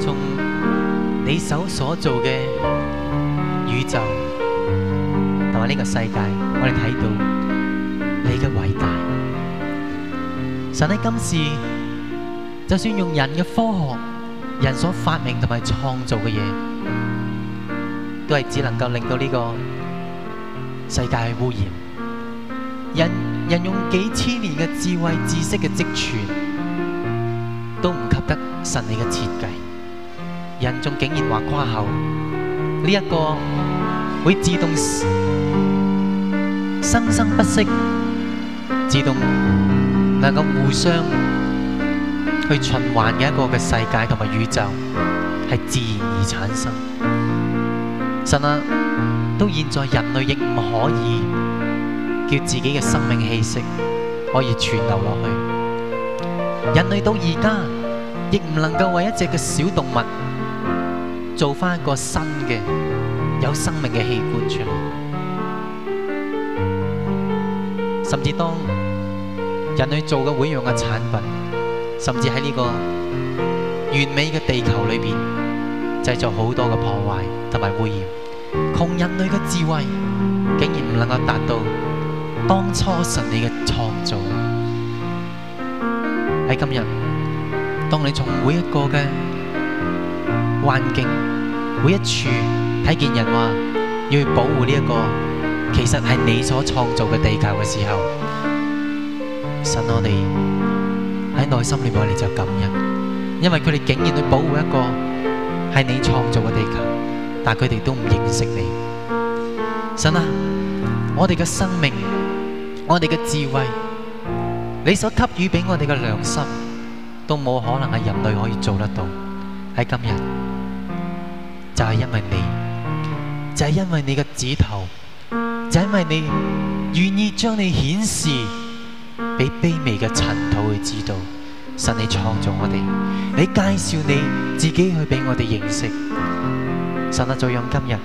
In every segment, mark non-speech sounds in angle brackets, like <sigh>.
從你手所做的宇宙和這個世界，我們看到你的偉大。神在今世，就算用人的科學，人所發明和創造的東西，都是只能夠令到這個世界污染。人人用幾千年的智慧，知識的積存都不及得神你的設計人仲竟然話誇口呢一個會自動生生不息、自動能夠互相去循環嘅一個嘅世界同埋宇宙係自然而產生。神啊，到現在人類亦唔可以叫自己嘅生命氣息可以傳流落去。人類到而家亦唔能夠為一隻嘅小動物，做翻一個新嘅、有生命嘅器官出嚟，甚至當人類做嘅每樣嘅產品，甚至喺呢個完美嘅地球裏邊，製造好多嘅破壞同埋污染。窮人類嘅智慧，竟然唔能夠達到當初神你嘅創造。喺今日，當你從每一個嘅環境每一處睇見人話要去保護呢個，其實係你所創造嘅地球嘅時候，神，我哋喺內心裏面嚟就感恩，因為佢哋竟然去保護一個係你創造嘅地球，但佢哋都唔認識你。神啊，我哋嘅生命，我哋嘅智慧，你所給予俾我哋嘅良心，都冇可能係人類可以做得到。喺今日。就係因為你，就係因為你嘅指頭，就係因為你願意將你顯示俾卑微嘅塵土去知道，神你創造我哋，你介紹你自己去俾我哋認識，神啊，就用今日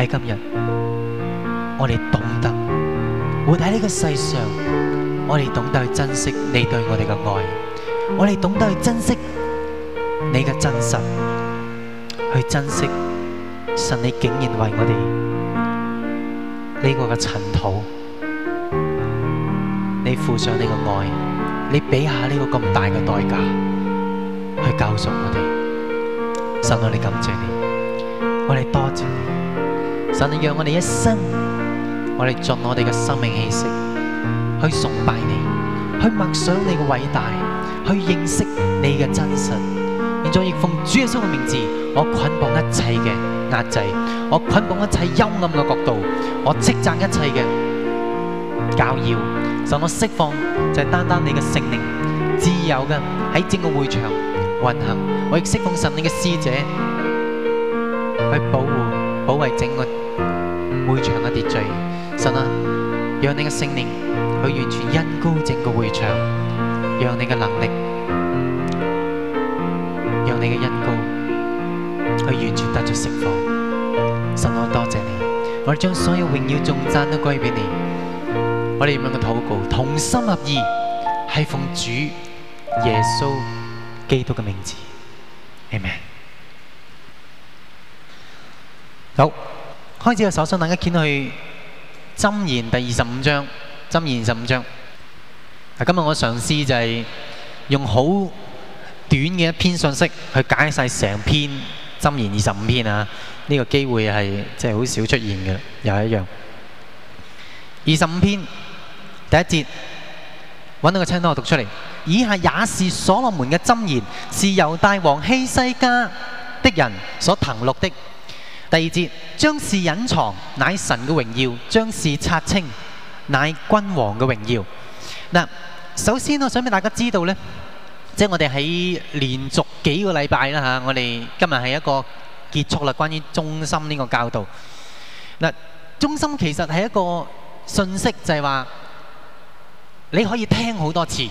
喺今日，我哋懂得活喺呢個世上，我哋懂得去珍惜你對我哋嘅愛，我哋懂得去珍惜你嘅真實。去珍惜，神你竟然為我哋呢個嘅塵土，你付上你嘅愛，你俾下呢個咁大嘅代價去救贖我哋，神我哋感謝你，我哋多謝你，神你讓我哋一生，我哋盡我哋嘅生命氣息去崇拜你，去默想你嘅偉大，去認識你嘅真實，現在亦奉主耶穌嘅名字。我捆綁一切嘅壓制，我捆綁一切陰暗嘅角度，我斥責一切嘅教耀。神，我釋放就係單單你嘅聖靈自由嘅喺整個會場運行，我亦釋放神你嘅使者去保護、保衛整個會場嘅秩序，神啊，讓你嘅聖靈去完全恩膏整個會場，讓你嘅能力，讓你嘅恩膏。佢完全得着釋放，神啊，我多謝你，我哋將所有榮耀頌讚都歸俾你，我哋咁樣嘅禱告，同心合意，係奉主耶穌基督嘅名字，阿門。好，開始嘅首先，大家見到去箴言第二十五章，箴言二十五章。啊，今日我嘗試就係用好短嘅一篇信息去解晒成篇。箴言二十五篇啊！呢個機會係即係好少出現嘅，又係一樣。二十五篇第一節揾到個青刀，我讀出嚟。以下也是所羅門嘅箴言，是由大王希西家的人所謄錄的。第二節，將事隱藏，乃神嘅榮耀；將事察清，乃君王嘅榮耀。嗱，首先我想俾大家知道呢。即係我哋喺連續幾個禮拜啦吓、啊，我哋今日係一個結束啦。關於忠心呢個教導嗱，忠心其實係一個信息，就係、是、話你可以聽好多次，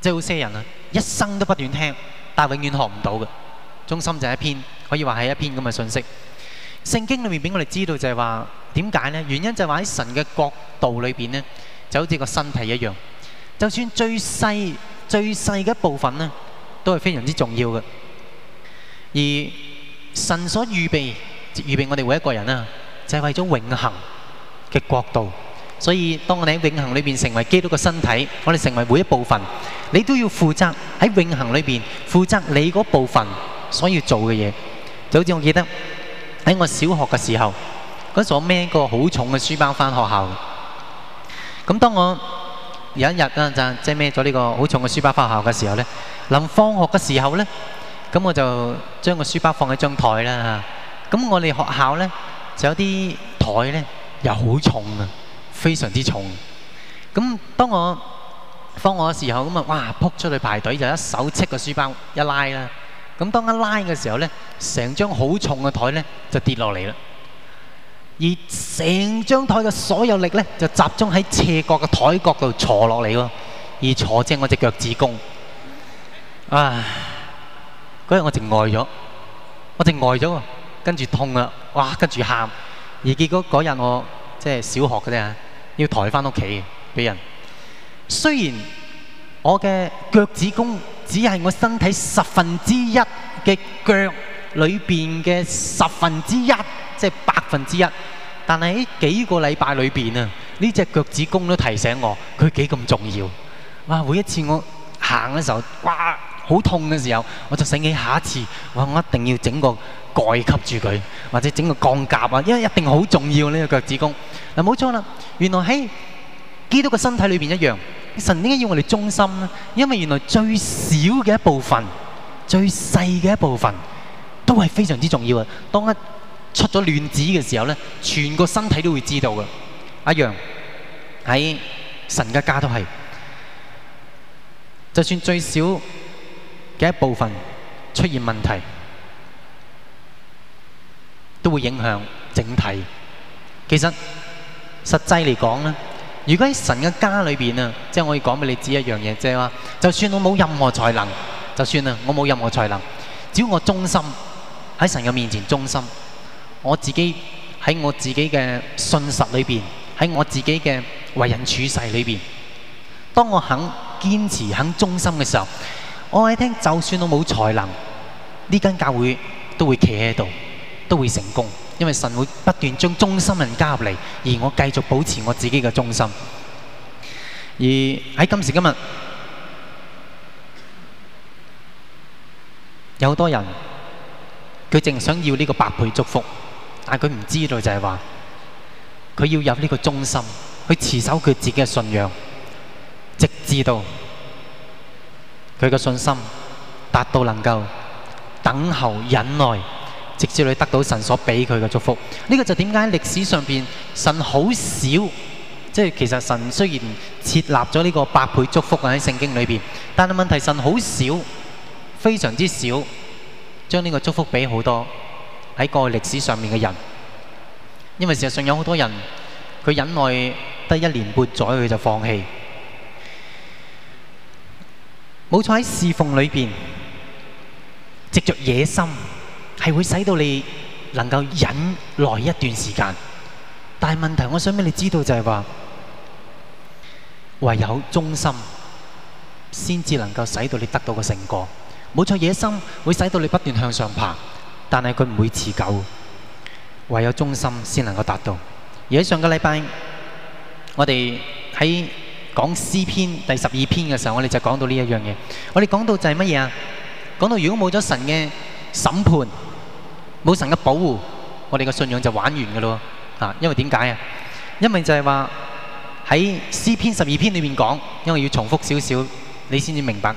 即係好些人啊，一生都不斷聽，但係永遠學唔到嘅忠心就係一篇，可以話係一篇咁嘅信息。聖經裏面俾我哋知道就係話點解呢？原因就係話喺神嘅角度裏邊呢，就好似個身體一樣，就算最細。最細嘅一部分呢，都係非常之重要嘅。而神所預備，預備我哋每一個人啊，就係為咗永恆嘅國度。所以，當我哋喺永恆裏邊成為基督嘅身體，我哋成為每一部分，你都要負責喺永恆裏邊負責你嗰部分所要做嘅嘢。就好似我記得喺我小學嘅時候，嗰時我孭個好重嘅書包翻學校，咁當我。有一日嗰陣，就即係孭咗呢個好重嘅書包翻學校嘅時候咧，臨放學嘅時候咧，咁我就將個書包放喺張台啦。咁我哋學校咧就有啲台咧又好重啊，非常之重。咁當我放學嘅時候，咁啊哇，撲出去排隊就一手摵個書包一拉啦。咁當一拉嘅時候咧，成張好重嘅台咧就跌落嚟啦。而成張台嘅所有力咧，就集中喺斜角嘅台角度坐落嚟喎。而坐正我隻腳趾公，唉！嗰日我淨呆咗，我淨呆咗，跟住痛啊！哇！跟住喊。而結果嗰日我即係小學嗰啲啊，要抬返屋企俾人。雖然我嘅腳趾公只係我身體十分之一嘅腳裏邊嘅十分之一。即係百分之一，但係喺幾個禮拜裏邊啊，呢隻腳趾公都提醒我，佢幾咁重要。哇，每一次我行嘅時候，哇，好痛嘅時候，我就醒起下一次，哇，我一定要整個蓋吸住佢，或者整個鋼甲啊，因為一定好重要呢個腳趾公。嗱，冇錯啦，原來喺基督嘅身體裏邊一樣，神點解要我哋忠心呢，因為原來最少嘅一部分，最細嘅一部分，都係非常之重要啊。當一出咗亂子嘅時候咧，全個身體都會知道嘅。一樣喺神嘅家都係，就算最少嘅一部分出現問題，都會影響整體。其實實際嚟講咧，如果喺神嘅家裏邊啊，即係我可以講俾你知一樣嘢，即係話，就算我冇任何才能，就算啊，我冇任何才能，只要我忠心喺神嘅面前忠心。我自己喺我自己嘅信實裏面，喺我自己嘅為人處世裏面。當我肯堅持，肯忠心嘅時候，我話你聽就算我冇才能，呢間教會都會企喺度，都會成功，因為神會不斷將忠心人加入嚟，而我繼續保持我自己嘅忠心。而喺今時今日，有好多人佢淨想要呢個百倍祝福。但佢唔知道就係話，佢要有呢個忠心，去持守佢自己嘅信仰，直至到佢嘅信心達到能夠等候忍耐，直至你得到神所畀佢嘅祝福。呢個就點解歷史上邊神好少？即係其實神雖然設立咗呢個百倍祝福喺聖經裡邊，但係問題神好少，非常之少，將呢個祝福畀好多，喺個歷史上面嘅人。因為事實上有好多人，佢忍耐得一年半載，佢就放棄。冇錯，喺侍奉裡面, <noise> 但係佢唔會持久，唯有忠心先能夠達到。而喺上個禮拜，我哋喺講詩篇第十二篇嘅時候，我哋就講到呢一樣嘢。我哋講到就係乜嘢啊？講到如果冇咗神嘅審判，冇神嘅保護，我哋嘅信仰就玩完㗎咯。啊，因為點解啊？因為就係話喺詩篇十二篇裏面講，因為要重複少少，你先至明白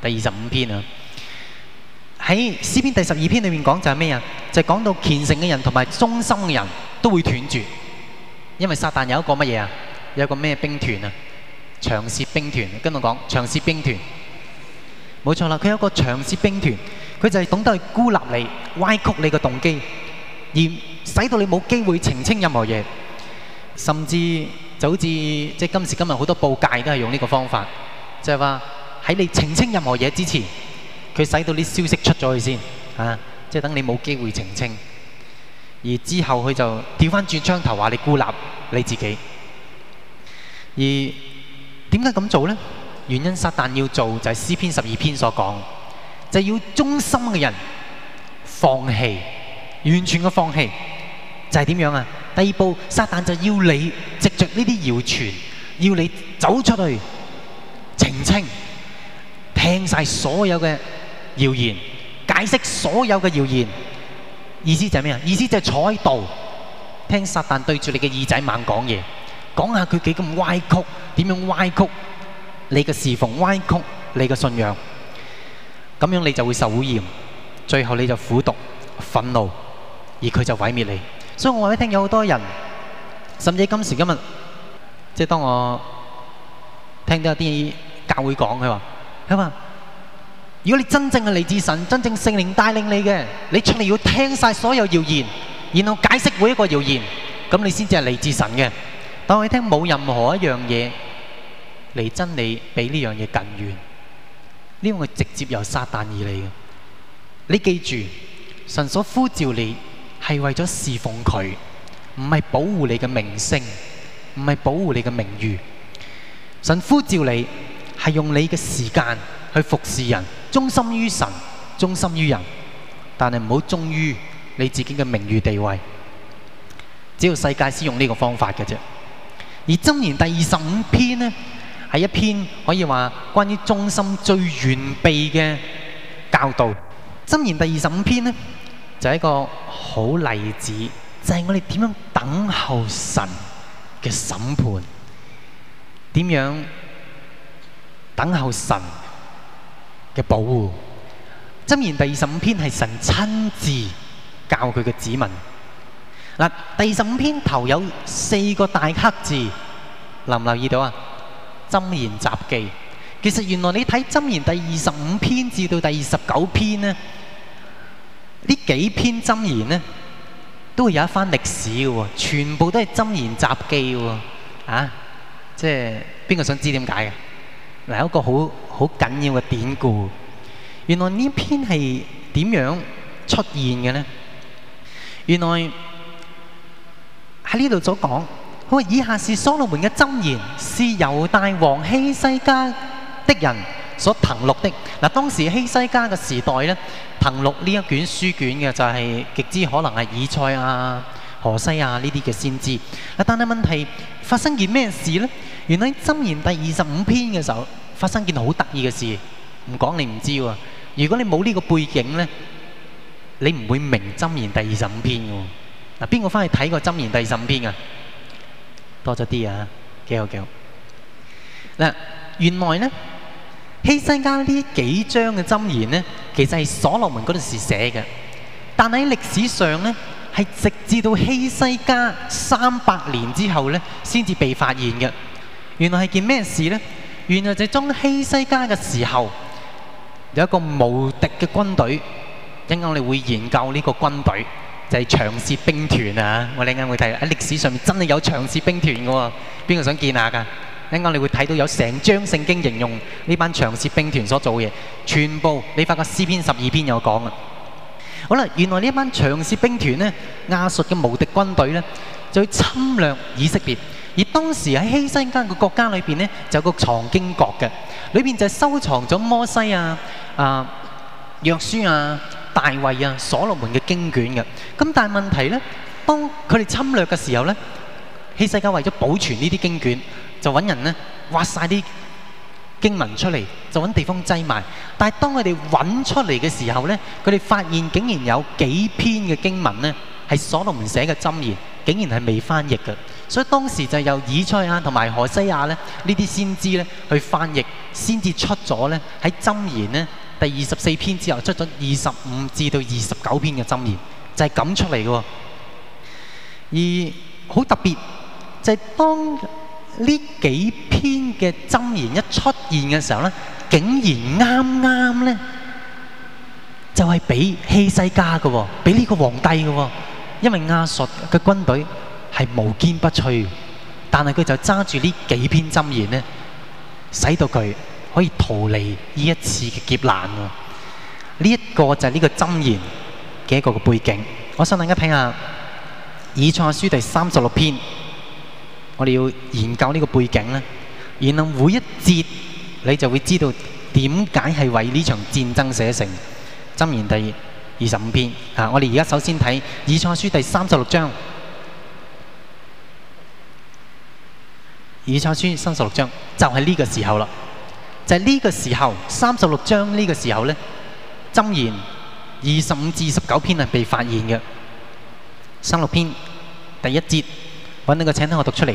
第二十五篇啊。喺詩篇第十二篇裏面講就係咩啊？就係講到虔誠嘅人同埋忠心嘅人都會斷絕，因為撒旦有一個乜嘢啊？有一個咩兵團啊？長舌兵團。跟住講長舌兵團，冇錯啦，佢有一個長舌兵團，佢就係懂得去孤立你、歪曲你嘅動機，而使到你冇機會澄清任何嘢，甚至就好似即係今時今日好多報界都係用呢個方法，就係話喺你澄清任何嘢之前。佢使到啲消息出咗去先，啊！即係等你冇機會澄清，而之後佢就調翻轉槍頭話你孤立你自己。而點解咁做咧？原因撒旦要做就係詩篇十二篇所講，就係、要忠心嘅人放棄，完全嘅放棄，就係、係、點樣啊？第二步撒旦就要你藉着呢啲謠傳，要你走出去澄清，聽晒所有嘅。謠言，解釋所有嘅謠言，意思就係咩啊？意思就係坐喺度聽撒但對住你嘅耳仔猛講嘢，講下佢幾咁歪曲，點樣歪曲你嘅事奉，歪曲你嘅信仰，咁樣你就會受污染，最後你就苦毒憤怒，而佢就毀滅你。所以我話咧，聽有好多人，甚至今時今日，即係當我聽咗啲教會講，佢話，係嘛？如果你真正係嚟自神，真正聖靈帶領你嘅，你出嚟要聽晒所有謠言，然後解釋每一個謠言，咁你先至係嚟自神嘅。當我聽冇任何一樣嘢離真理比呢樣嘢更遠，呢樣係直接由撒旦而嚟嘅。你記住，神所呼召你係為咗侍奉佢，唔係保護你嘅名聲，唔係保護你嘅名譽。神呼召你係用你嘅時間。去服侍人，忠心於神，忠心於人，但係唔好忠於你自己嘅名譽地位。只要世界使用呢個方法嘅啫。而《箴言》第二十五篇呢，係一篇可以話關於忠心最完備嘅教導。《箴言》第二十五篇呢，就係一個好例子，就係我哋點樣等候神嘅審判，點樣等候神嘅保護，箴言第二十五篇係神親自教佢嘅子民。嗱，第二十五篇頭有四個大黑字，留唔留意到啊？箴言雜記，其實原來你睇箴言第二十五篇至到第二十九篇呢，呢幾篇箴言咧，都會有一番歷史嘅喎，全部都係箴言雜記喎。啊，即係邊個想知點解嘅？嗱，一個好好緊要嘅典故。原來呢篇係點樣出現嘅呢？原來喺呢度所講，佢話以下是所羅門嘅箴言，是由大王希西家的人所謄錄的。嗱，當時希西家嘅時代呢，謄錄呢一卷書卷嘅就係極之可能係以賽亞、何西阿呢啲嘅先知。但係問題發生件咩事呢？原來喺《箴言》第二十五篇嘅時候，發生件好得意嘅事，唔講你唔知喎。如果你冇呢個背景咧，你唔會明《箴言》第二十五篇嘅。嗱，邊個翻去睇過《箴言》第二十五篇啊？多咗啲啊，幾好幾好。嗱，原來咧，希西家呢幾章嘅箴言咧，其實係所羅門嗰陣時寫嘅，但喺歷史上咧，係直至到希西家三百年之後咧，先至被發現嘅。原來係件咩事咧？原來就係中希西家嘅時候，有一個無敵嘅軍隊。一陣我哋會研究呢個軍隊，就係長舌兵團啊！我哋一陣會睇，喺歷史上面真係有長舌兵團㗎。邊個想見下㗎？一陣你會睇到有成章聖經形容呢班長舌兵團所做嘅嘢，全部你發覺詩篇十二篇有講啊！好啦，原來呢一班長舌兵團咧，亞述嘅無敵軍隊咧，就去侵略以色列。而當時喺希西家個國家裏邊咧，就有個藏經閣嘅，裏邊就收藏咗摩西啊、啊約書亞、啊、大衛啊、所羅門嘅經卷嘅。咁但係問題咧，當佢哋侵略嘅時候咧，希西家為咗保存呢啲經卷，就揾人咧挖晒啲經文出嚟，就揾地方擠埋。但係當佢哋揾出嚟嘅時候咧，佢哋發現竟然有幾篇嘅經文咧係所羅門寫嘅箴言，竟然係未翻譯嘅。所以當時就由以賽亞同埋何西亞呢呢啲先知去翻譯，先至出咗呢喺箴言呢第二十四篇之後，出咗二十五至到二十九篇嘅箴言，就係、是、咁出嚟嘅、哦。而好特別就係、是、當呢幾篇嘅箴言一出現嘅時候呢，竟然啱啱呢，就係、是、俾希西家嘅、哦，俾呢個皇帝嘅、哦，因為亞述嘅軍隊。係無堅不摧，但係佢就揸住呢幾篇箴言呢，使到佢可以逃離呢一次嘅劫難呢、這個、一個就係呢個箴言嘅一個嘅背景。我想大家睇下以賽亞書第三十六篇，我哋要研究呢個背景咧，然後每一節你就會知道點解係為呢場戰爭寫成箴言第二十五篇啊！我哋而家首先睇以賽亞書第三十六章。以賽亞書三十六章就係、是、呢個時候啦，就係、是、呢個時候，三十六章呢個時候咧，箴言二十五至十九篇係被發現嘅。三六篇第一節揾呢個，請聽我讀出嚟。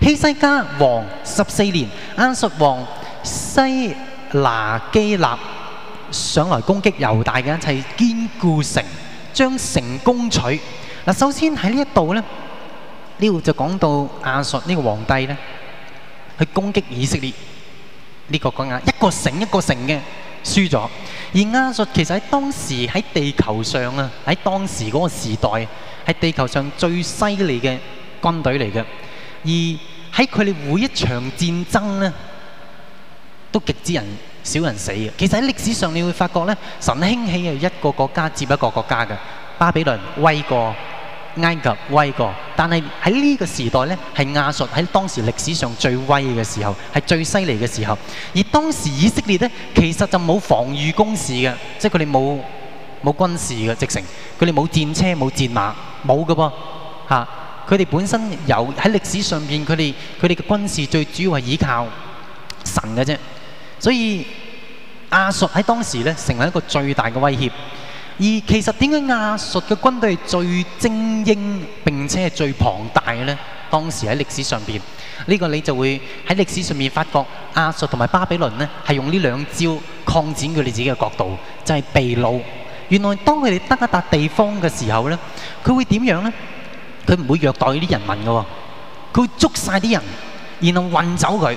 希西家王十四年，亞述王西拿基立上來攻擊猶大嘅一切堅固城，將城攻取。嗱，首先喺呢一度咧，呢度就講到亞述呢個皇帝咧。去攻擊以色列呢個軍壓，一個城一個城嘅輸咗。而亞述其實喺當時喺地球上啊，喺當時嗰個時代係地球上最犀利嘅軍隊嚟嘅。而喺佢哋每一場戰爭呢，都極之人少人死嘅。其實喺歷史上，你會發覺呢，神興起係一個國家接一個國家嘅，巴比倫威過。埃及威過，但係喺呢個時代呢，係亞述喺當時歷史上最威嘅時候，係最犀利嘅時候。而當時以色列呢，其實就冇防禦工事嘅，即係佢哋冇冇軍事嘅，直情佢哋冇戰車冇戰馬，冇嘅噃嚇。啊，佢哋本身有喺歷史上邊，佢哋佢哋嘅軍事最主要係依靠神嘅啫。所以亞述喺當時呢，成為一個最大嘅威脅。而其實點解亞述嘅軍隊係最精英並且係最龐大嘅呢？當時喺歷史上邊呢個，你就會喺歷史上面發覺，亞述同埋巴比倫呢，係用呢兩招擴展佢哋自己嘅國度，就係被擄。原來當佢哋得一笪地方嘅時候呢，佢會點樣呢？佢唔會虐待啲人民嘅，哦，佢會捉晒啲人，然後運走佢，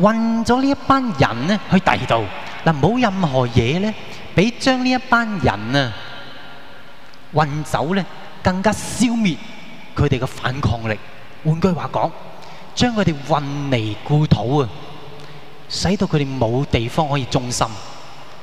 運咗呢一班人呢去第二度嗱，冇任何嘢呢。比將呢一班人啊運走咧，更加消滅佢哋嘅反抗力。換句話講，將佢哋運離故土啊，使到佢哋冇地方可以忠心。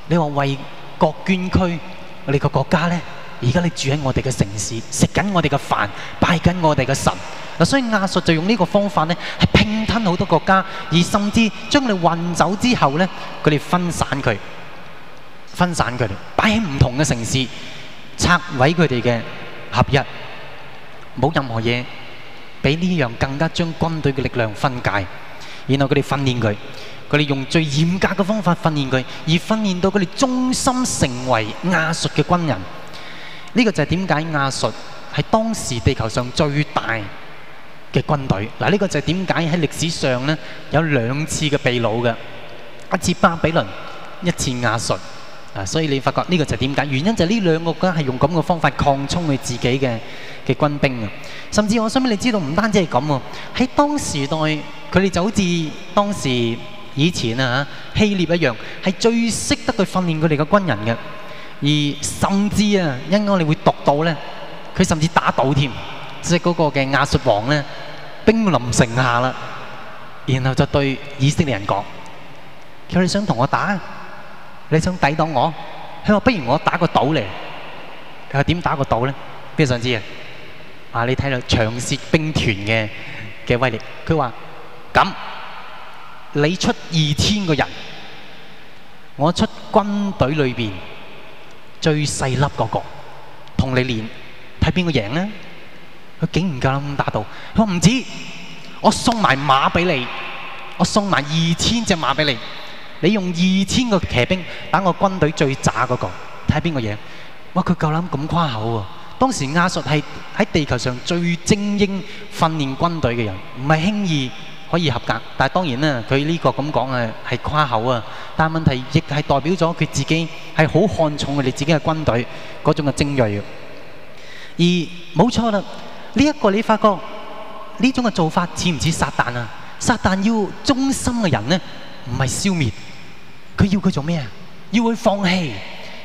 你話為國捐軀，我哋個國家咧，而家你住喺我哋嘅城市，食緊我哋嘅飯，拜緊我哋嘅神。嗱，所以亞述就用呢個方法咧，係拼吞好多國家，而甚至將你哋運走之後咧，佢哋分散佢。分散佢哋，擺喺唔同嘅城市，拆毀佢哋嘅合一，冇任何嘢比呢樣更加將軍隊嘅力量分解。然後佢哋訓練佢，佢哋用最嚴格嘅方法訓練佢，而訓練到佢哋忠心成為亞述嘅軍人。呢個就係點解亞述係當時地球上最大嘅軍隊。嗱，呢個就係點解喺歷史上咧有兩次嘅被擄嘅，一次巴比倫，一次亞述。啊，所以你發覺呢個就係點解？原因就係呢兩個國家係用咁嘅方法擴充佢自己嘅軍兵啊，甚至我想俾你知道唔單止係咁喎，喺當時代佢哋就好似當時以前啊，希臘一樣係最識得去訓練佢哋嘅軍人嘅，而甚至啊，因為我哋會讀到咧，佢甚至打倒添，即係嗰個嘅亞述王呢，兵臨城下啦，然後就對以色列人講，佢哋想同我打。你想抵擋我？佢話：不如我打個賭嚟。佢話點打個賭呢？邊個想知啊？啊！你睇到長舌兵團嘅威力。佢話：咁你出二千個人，我出軍隊裏面最細粒嗰個同你練，睇邊個贏呢？佢竟然夠膽咁打賭。佢話唔止，我送埋馬俾你，我送埋二千隻馬俾你。你用二千個騎兵打我軍隊最渣嗰個，睇下邊個贏？哇！佢夠膽咁誇口喎！當時亞述係喺地球上最精英訓練軍隊嘅人，唔係輕易可以合格。但係當然咧，佢呢個咁講啊，係誇口啊。但係問題亦係代表咗佢自己係好看重佢哋自己嘅軍隊嗰種嘅精銳。而冇錯啦，呢一個你發覺呢種嘅做法似唔似撒旦啊？撒旦要忠心嘅人咧，唔係消滅。佢要佢做咩啊？要佢放棄，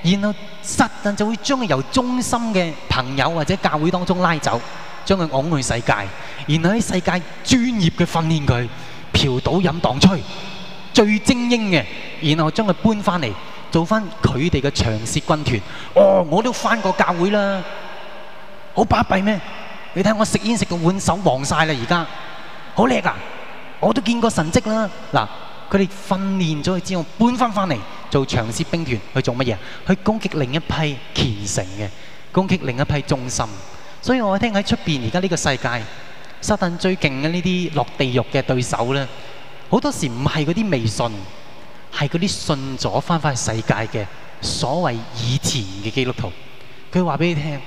然後實質就會將佢由忠心嘅朋友或者教會當中拉走，將佢拱去世界，然後喺世界專業嘅訓練佢嫖賭飲蕩吹，最精英嘅，然後將佢搬翻嚟做翻佢哋嘅長舌軍團。哦，我都翻過教會啦，好巴閉咩？你睇我食煙食到碗手黃曬啦，而家好叻啊！我都見過神蹟啦。嗱。佢哋訓練咗佢之後，搬翻翻嚟做長涉兵團，去做乜嘢？去攻擊另一批虔誠嘅，攻擊另一批忠心。所以我聽喺出邊而家呢個世界，撒旦最勁嘅呢啲落地獄嘅對手咧，好多時唔係嗰啲未信，係嗰啲信咗翻返世界嘅所謂以前嘅基督徒。佢話俾你聽，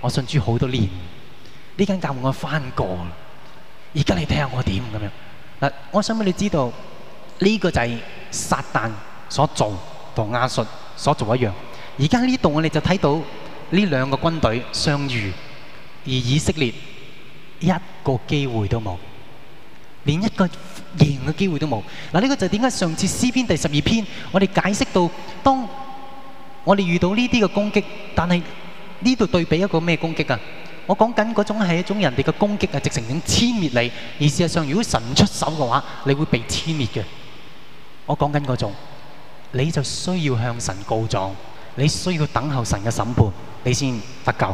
我信咗好多年，呢間教會我翻過，而家你睇下我點咁樣嗱。我想俾你知道。呢個就係撒旦所做同亞述所做一樣。而家呢度我哋就睇到呢兩個軍隊相遇，而以色列一個機會都冇，連一個贏嘅機會都冇。嗱，呢個就點解上次詩篇第十二篇我哋解釋到，當我哋遇到呢啲嘅攻擊，但係呢度對比一個咩攻擊啊？我講緊嗰種係一種人哋嘅攻擊啊，直情想殲滅你。而事實上，如果神出手嘅話，你會被殲滅嘅。我講緊嗰種，你就需要向神告狀，你需要等候神嘅審判，你先得救。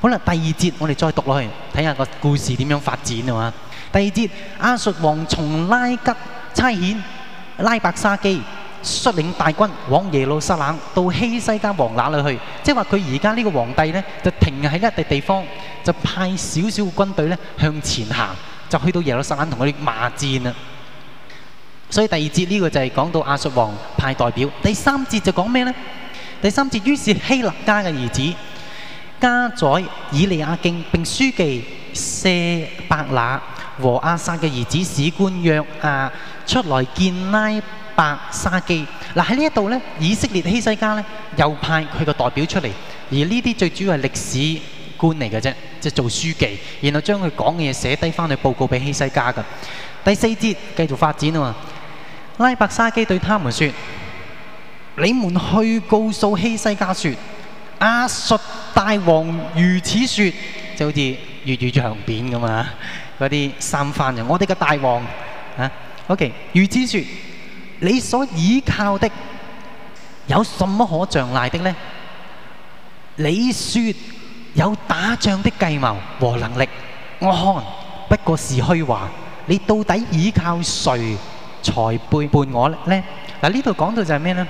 好啦，第二節我哋再讀落去，睇下個故事點樣發展啊！嘛，第二節亞述王從拉吉差遣拉白沙基率領大軍往耶路撒冷到希西家王那裏去，即係話佢而家呢個皇帝呢，就停喺一地地方，就派少少軍隊呢向前行，就去到耶路撒冷同佢哋罵戰啦。所以第二節呢個就係講到亞述王派代表。第三節就講咩呢？第三節於是希勒家嘅兒子家宰以利亞敬並書記舍伯那和亞薩嘅兒子史官約亞出來見拉伯沙基。嗱，喺呢一度呢，以色列希西家呢又派佢個代表出嚟，而呢啲最主要係歷史官嚟嘅啫，即係做書記，然後將佢講嘅嘢寫低翻去報告俾希西家嘅。第四節繼續發展啊嘛～拉伯沙基對他們說：你們去告訴希西家說，亞述大王如此說，就好似粵語長片咁啊！嗰啲三番人啊，我哋嘅大王啊，OK，如此說，你所倚靠的有什麼可仗賴的呢？你說有打仗的計謀和能力，我看不過是虛話。你到底倚靠誰？才背叛我咧？嗱，呢度講到就係咩咧？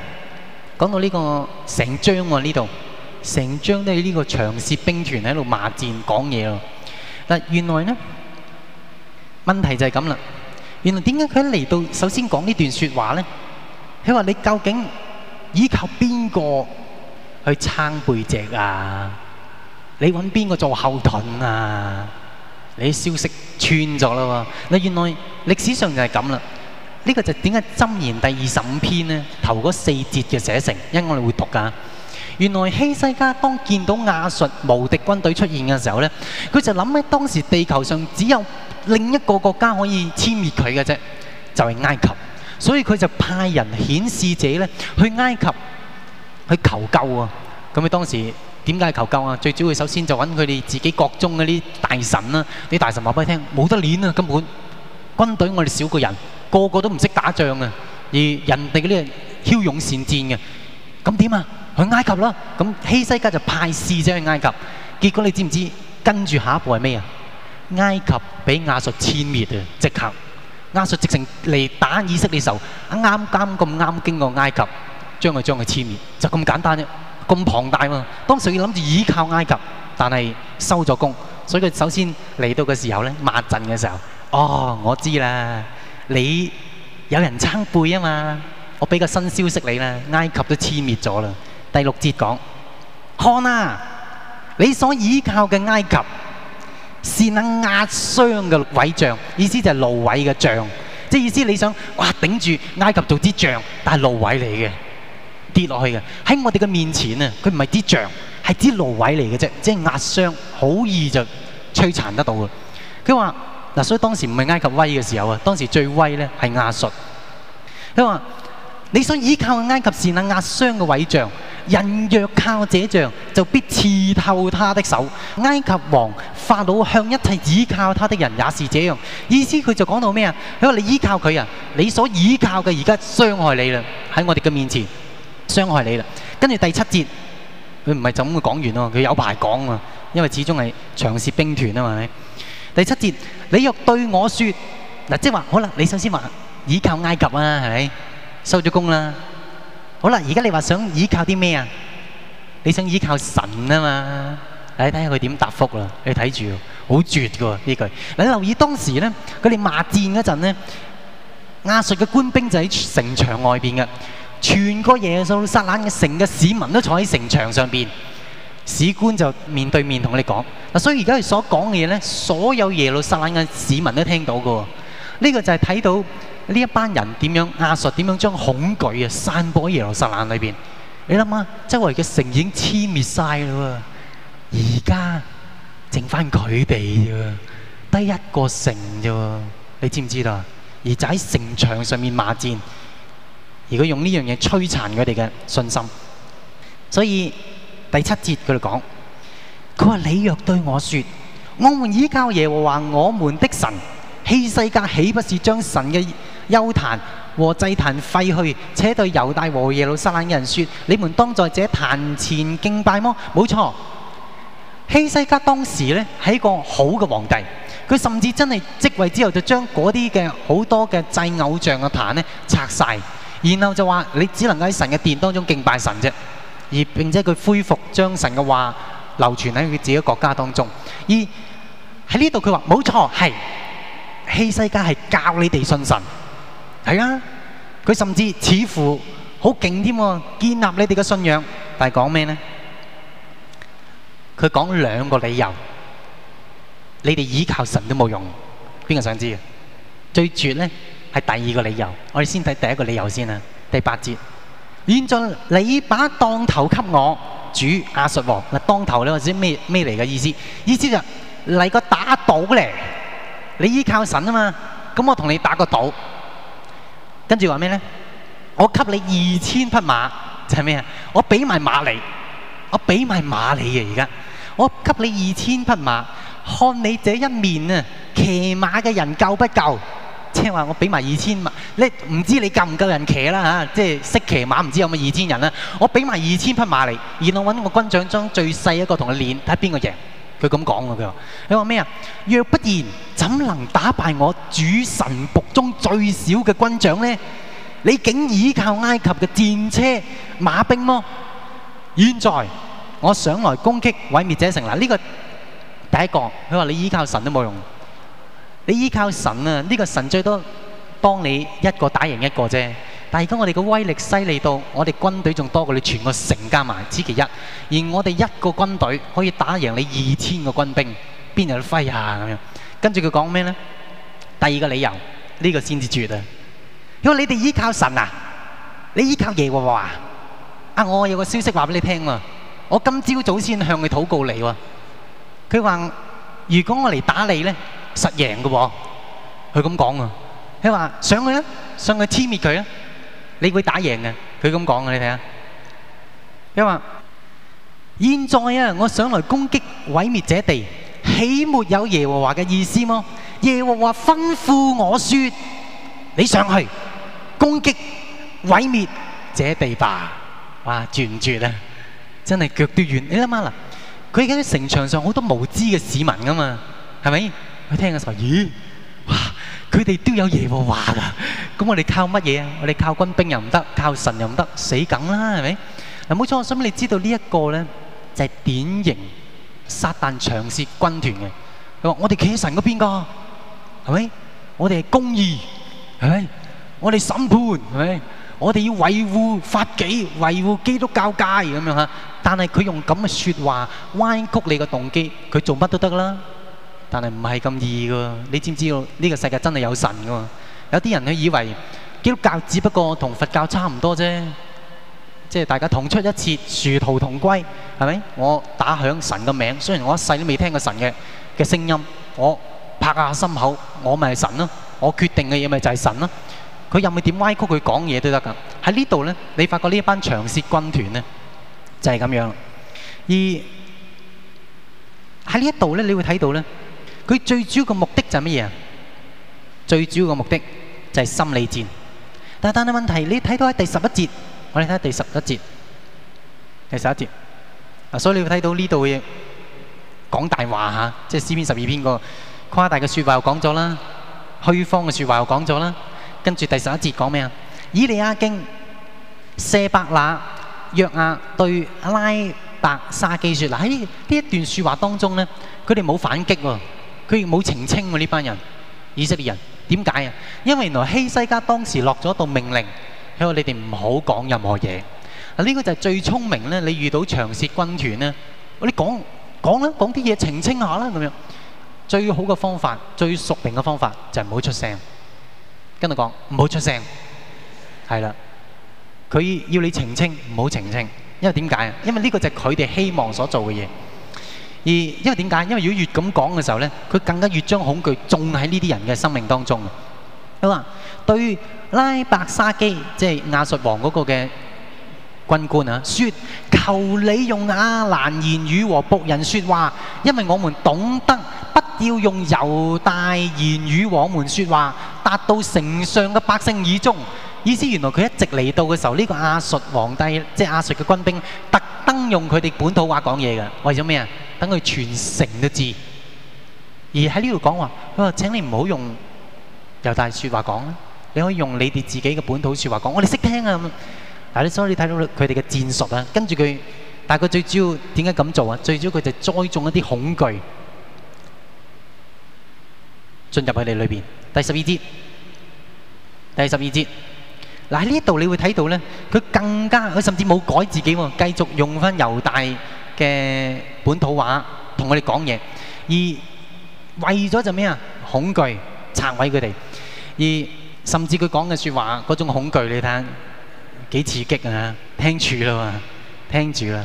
講到呢個成章喎，呢度成章都係呢個長舌兵團喺度罵戰講嘢咯。嗱，原來呢問題就係咁啦。原來點解佢一嚟到，首先講呢段說話咧？佢話你究竟依靠邊個去撐背脊啊？你揾邊個做後盾啊？你啲消息穿咗啦。嗱，原來歷史上就係咁啦。呢個就點解《箴言》第二十五篇咧頭嗰四節嘅寫成，因為我哋會讀噶。原來希西家當見到亞述無敵軍隊出現嘅時候咧，佢就諗起當時地球上只有另一個國家可以殲滅佢嘅啫，就係埃及，所以佢就派人遣使者咧去埃及去求救啊。咁佢當時點解求救啊？最主要首先就揾佢哋自己國中嗰啲大臣啊，啲大臣話俾佢聽冇得練啊，根本軍隊我哋少個人。個個都唔識打仗啊，而人哋嗰啲驍勇善戰嘅，咁點啊去埃及啦？咁希西家就派使者去埃及，結果你知唔知跟住下一步係咩啊？埃及俾亞述殲滅啊！即刻亞述直情嚟打以色列時候，啱啱咁啱經過埃及，將佢將佢殲滅，就咁簡單啫。咁龐大嘛，當時佢諗住倚靠埃及，但係收咗工，所以佢首先嚟到嘅時候咧，罵陣嘅時候，哦，我知啦。你有人撐背啊嘛！我俾個新消息你啦，埃及都殲滅咗啦。第六節講，看啊，你所倚靠嘅埃及是能壓傷嘅葦杖，意思就係蘆葦嘅杖，即係意思你想哇頂住埃及做支杖，但係蘆葦嚟嘅，跌落去嘅喺我哋嘅面前啊！佢唔係支杖，係支蘆葦嚟嘅啫，即係壓傷，好易就摧殘得到嘅。佢話。嗱、啊，所以當時唔係埃及威嘅時候啊，當時最威咧係亞述。佢話：你想依靠埃及是能壓傷嘅葦杖，人若靠這杖，就必刺透他的手。埃及王法老向一切倚靠他的人也是這樣。意思佢就講到咩啊？佢話你依靠佢啊，你所依靠嘅而家傷害你啦，喺我哋嘅面前傷害你啦。跟住第七節，佢唔係就咁講完啊，佢有排講啊，因為始終係長舌兵團啊嘛。第七節，你若對我説嗱，即係話好啦，你首先話倚靠埃及啊，係咪收咗工啦？好啦，而家你話想倚靠啲咩啊？你想倚靠神啊嘛？你睇下佢點答覆啦？你睇住，好絕嘅喎呢句。你留意當時咧，佢哋罵戰嗰陣咧，亞述嘅官兵就喺城牆外邊嘅，全個耶路撒冷嘅城嘅市民都坐喺城牆上邊。史官就面對面同你哋講，嗱，所以而家佢所講嘅嘢咧，所有耶路撒冷嘅市民都聽到㗎喎。呢、這個就係睇到呢一班人點樣亞述點樣將恐懼啊散播喺耶路撒冷裏邊。你諗下，周圍嘅城已經殲滅晒啦喎，而家剩翻佢哋啫喎，得一個城啫喎，你知唔知道？而就喺城牆上面罵戰，如果用呢樣嘢摧殘佢哋嘅信心，所以。第七節佢哋講，佢話你若對我說，我們依靠耶和華我們的神，希西家豈不是將神嘅丘壇和祭壇廢去，且對猶大和耶路撒冷嘅人說，你們當在這壇前敬拜麼？冇錯，希西家當時呢，係一個好嘅皇帝，佢甚至真係即位之後就將嗰啲嘅好多嘅祭偶像嘅壇呢拆晒，然後就話你只能夠喺神嘅殿當中敬拜神啫。而並且佢恢復將神嘅話流傳喺佢自己國家當中。而喺呢度佢話：冇錯，係希西家係教你哋信神。係啊，佢甚至似乎好勁添喎，建立你哋嘅信仰。但係講咩咧？佢講兩個理由，你哋依靠神都冇用。邊個想知啊？最絕咧係第二個理由。我哋先睇第一個理由先啊。第八節。現在你把當頭給我主亞述王嗱，當頭你或者咩咩嚟嘅意思？意思就嚟、是、個打賭咧，你依靠神啊嘛，咁我同你打個賭，跟住話咩咧？我給你二千匹馬，就係、是、咩？我俾埋馬你，我俾埋馬你啊！而家我給你二千匹馬，看你這一面啊，騎馬嘅人夠不夠？即係話我俾埋二千萬，你唔知你夠唔夠人騎啦吓，即係識騎馬唔知有冇二千人啦、啊。我俾埋二千匹馬嚟，然後搵我軍長中最細一個同佢練，睇邊個贏。佢咁講嘅佢話，佢話咩啊？若不然，怎能打敗我主神僕中最少嘅軍長呢？你竟依靠埃及嘅戰車馬兵麼？現在我上來攻擊毀滅者城嗱，呢、這個第一個。佢話你依靠神都冇用。你依靠神啊？呢個神最多幫你一個打贏一個啫。但係如果我哋個威力犀利到，我哋軍隊仲多過你全個城加埋，知其一。而我哋一個軍隊可以打贏你二千個軍兵，邊有得揮啊？咁樣跟住佢講咩呢？第二個理由，呢個先至絕啊！因為你哋依靠神啊，你依靠耶和華啊。啊，我有個消息話俾你聽喎，我今朝早先向佢禱告你喎、啊。佢話：「如果我嚟打你呢。」實贏嘅喎，佢咁講啊。佢話，上去啦，上去殲滅佢啦。你會打贏嘅，佢咁講嘅。你睇下，佢話現在啊，我上來攻擊毀滅這地，豈沒有耶和華嘅意思麼？耶和華吩咐我説：你上去攻擊毀滅這地吧。哇！絕唔絕啊？真係腳都軟。你諗下啦，佢而家喺城牆上好多無知嘅市民啊嘛，係咪？佢聽嘅時候，咦？哇！佢哋都有耶和華噶，咁我哋靠乜嘢啊？我哋靠軍兵又唔得，靠神又唔得，死梗啦，係咪？嗱，冇錯，我想你知道呢一個咧，就係典型撒但長舌軍團嘅。佢話：我哋企喺神嗰邊個，係咪？我哋係公義，係咪？我哋審判，係咪？我哋要維護法紀，維護基督教界咁樣嚇。但係佢用咁嘅説話彎曲你嘅動機，佢做乜都得啦。但係唔係咁易噶，你知唔知道呢、呢個世界真係有神噶？有啲人佢以為基督教只不過同佛教差唔多啫，即係大家同出一轍，殊途同歸，係咪？我打響神嘅名，雖然我一世都未聽過神嘅嘅聲音，我拍下心口，我咪係神咯，我決定嘅嘢，咪就係神咯。佢又會點歪曲佢講嘢都得噶？喺呢度咧，你發覺呢一班長舌軍團咧，就係、是、咁樣。而喺呢一度咧，你會睇到咧。佢最主要嘅目的就係乜嘢啊？最主要嘅目的就係心理戰。但係，但係問題，你睇到喺第十一節，我哋睇下第十一節。第十一節啊，所以你會睇到呢度嘅講大話嚇，即係詩篇十二篇個誇大嘅説話又講咗啦，虛謊嘅説話又講咗啦。跟住第十一節講咩啊？以利亞敬、舍伯那、約亞對拉伯沙基説，嗱，喺呢一段説話當中咧，佢哋冇反擊喎。佢冇澄清喎，呢班人，以色列人點解啊？因為原來希西家當時落咗一道命令，喺度你哋唔好講任何嘢。嗱、啊、呢、這個就係最聰明咧，你遇到長舌軍團咧，我、啊、你講講啦，講啲嘢澄清下啦咁樣。最好嘅方法，最熟定嘅方法就係唔好出聲。跟住講唔好出聲，係啦。佢要你澄清，唔好澄清，因為點解啊？因為呢個就係佢哋希望所做嘅嘢。而因為點解？因為如果越咁講嘅時候咧，佢更加越將恐懼種喺呢啲人嘅生命當中。佢話對拉伯沙基，即係亞述王嗰個嘅軍官啊，説求你用亞蘭言語和僕人說話，因為我們懂得，不要用猶大言語和我們說話，達到城上嘅百姓耳中。意思原來佢一直嚟到嘅時候，呢個亞述皇帝即係亞述嘅軍兵特登用佢哋本土話講嘢嘅，為咗咩啊？等佢傳承嘅字，而喺呢度講話，佢話請你唔好用猶大說話講，你可以用你哋自己嘅本土說話講，我哋識聽啊！但係你所以你睇到佢哋嘅戰術啦，跟住佢，但係佢最主要點解咁做啊？最主要佢就栽種一啲恐懼進入佢哋裏面。第十二節，第十二節，嗱，喺呢度你會睇到咧，佢更加佢甚至冇改自己，繼續用返猶大。嘅本土話同我哋講嘢，而為咗就咩啊？恐懼拆毀佢哋，而甚至佢講嘅説話嗰種恐懼，你睇幾刺激啊？聽住啦嘛，聽住啦。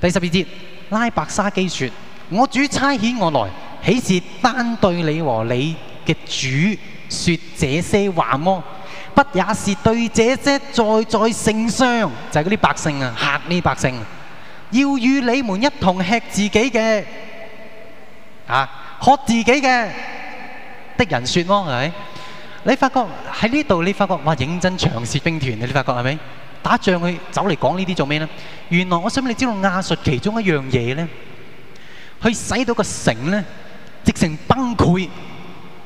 第十二節，拉白沙基説：我主差遣我來，豈是單對你和你嘅主説這些話麼？不也是對這些坐在城上，就係嗰啲百姓啊，嚇呢百姓！要與你們一同吃自己嘅啊，喝自己嘅嘅人，説咯係。你發覺喺呢度，你發覺哇，認真長時兵團啊！你發覺係咪打仗佢走嚟講呢啲做咩咧？原來我想俾你知道亞述其中一樣嘢咧，去使到個城咧，直成崩潰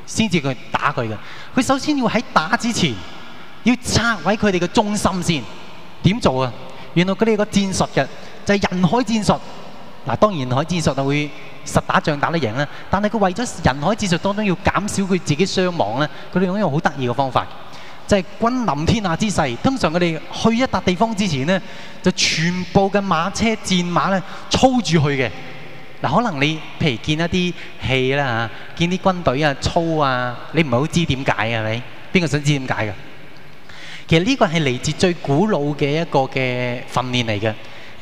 先至去打佢嘅。佢首先要喺打之前要拆毀佢哋嘅中心先點做啊？原來佢哋個戰術嘅。就係人海戰術，嗱、啊、當然海戰術就會實打仗打得贏啦。但係佢為咗人海戰術當中要減少佢自己傷亡咧，佢哋用一個好得意嘅方法，就係、是、軍臨天下之勢。通常佢哋去一笪地方之前呢就全部嘅馬車、戰馬咧，操住去嘅。嗱、啊，可能你譬如見一啲戲啦嚇、啊，見啲軍隊啊操啊，你唔係好知點解嘅係咪？邊個想知點解嘅？其實呢個係嚟自最古老嘅一個嘅訓練嚟嘅。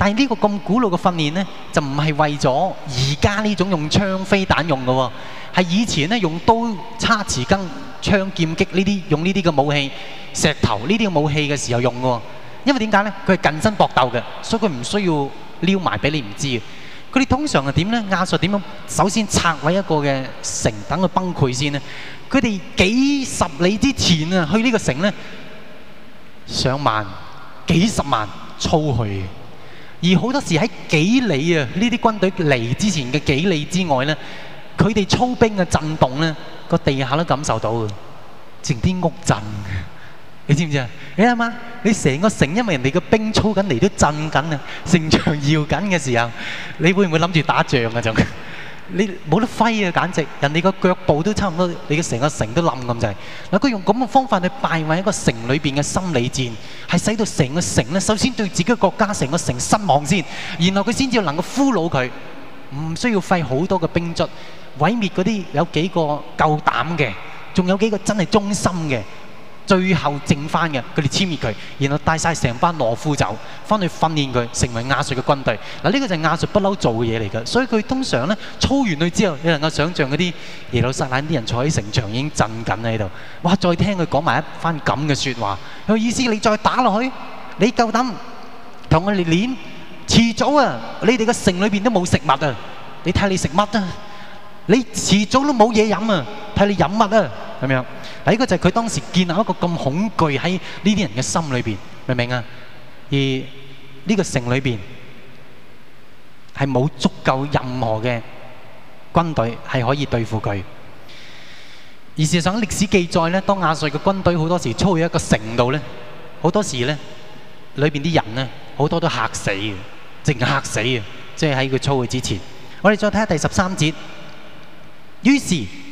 但呢個咁古老嘅訓練呢，就唔係為咗而家呢種用槍飛彈用嘅喎、哦，係以前呢用刀、叉、匙、羹、槍、劍擊呢啲，用呢啲嘅武器、石頭呢啲武器嘅時候用嘅喎、哦。因為點解呢？佢係近身搏鬥嘅，所以佢唔需要撩埋俾你唔知。佢哋通常係點呢？亞述點樣？首先拆毀一個嘅城，等佢崩潰先呢。佢哋幾十里之前啊，去呢個城呢，上萬、幾十萬操去。而好多時喺幾里啊？呢啲軍隊嚟之前嘅幾里之外咧，佢哋操兵嘅震動咧，個地下都感受到嘅，成天屋震 <laughs> 你知唔知啊？你諗下，你成個城因為人哋嘅兵操緊嚟都震緊啊！城牆搖緊嘅時候，你會唔會諗住打仗啊？就。 <laughs> 你冇得揮啊！簡直人哋個腳步都差唔多，你嘅成個城都冧咁滯。嗱，佢用咁嘅方法去敗壞一個城裏邊嘅心理戰，係使到成個城咧，首先對自己嘅國家成個城失望先，然後佢先至能夠俘虜佢，唔需要費好多嘅兵卒毀滅嗰啲有幾個夠膽嘅，仲有幾個真係忠心嘅。最後剩翻嘅，佢哋殲滅佢，然後帶晒成班懦夫走，翻去訓練佢，成為亞述嘅軍隊。嗱，呢個就係亞述不嬲做嘅嘢嚟嘅，所以佢通常咧操完佢之後，你能夠想象嗰啲耶路撒冷啲人坐喺城牆已經震緊喺度。哇！再聽佢講埋一番咁嘅説話，佢意思你再打落去，你夠膽同我哋練？遲早啊，你哋個城裏邊都冇食物啊，你睇你食乜啊？你遲早都冇嘢飲啊，睇你飲乜啊？咁樣。呢個就係佢當時建立一個咁恐懼喺呢啲人嘅心裏面，明唔明啊？而呢個城裏邊係冇足夠任何嘅軍隊係可以對付佢，而事實上歷史記載呢，當亞述嘅軍隊好多時候操喺一個城度咧，好多時呢裏面啲人呢，好多都嚇死嘅，淨嚇死嘅，即係喺佢操嘅之前。我哋再睇下第十三節，於是。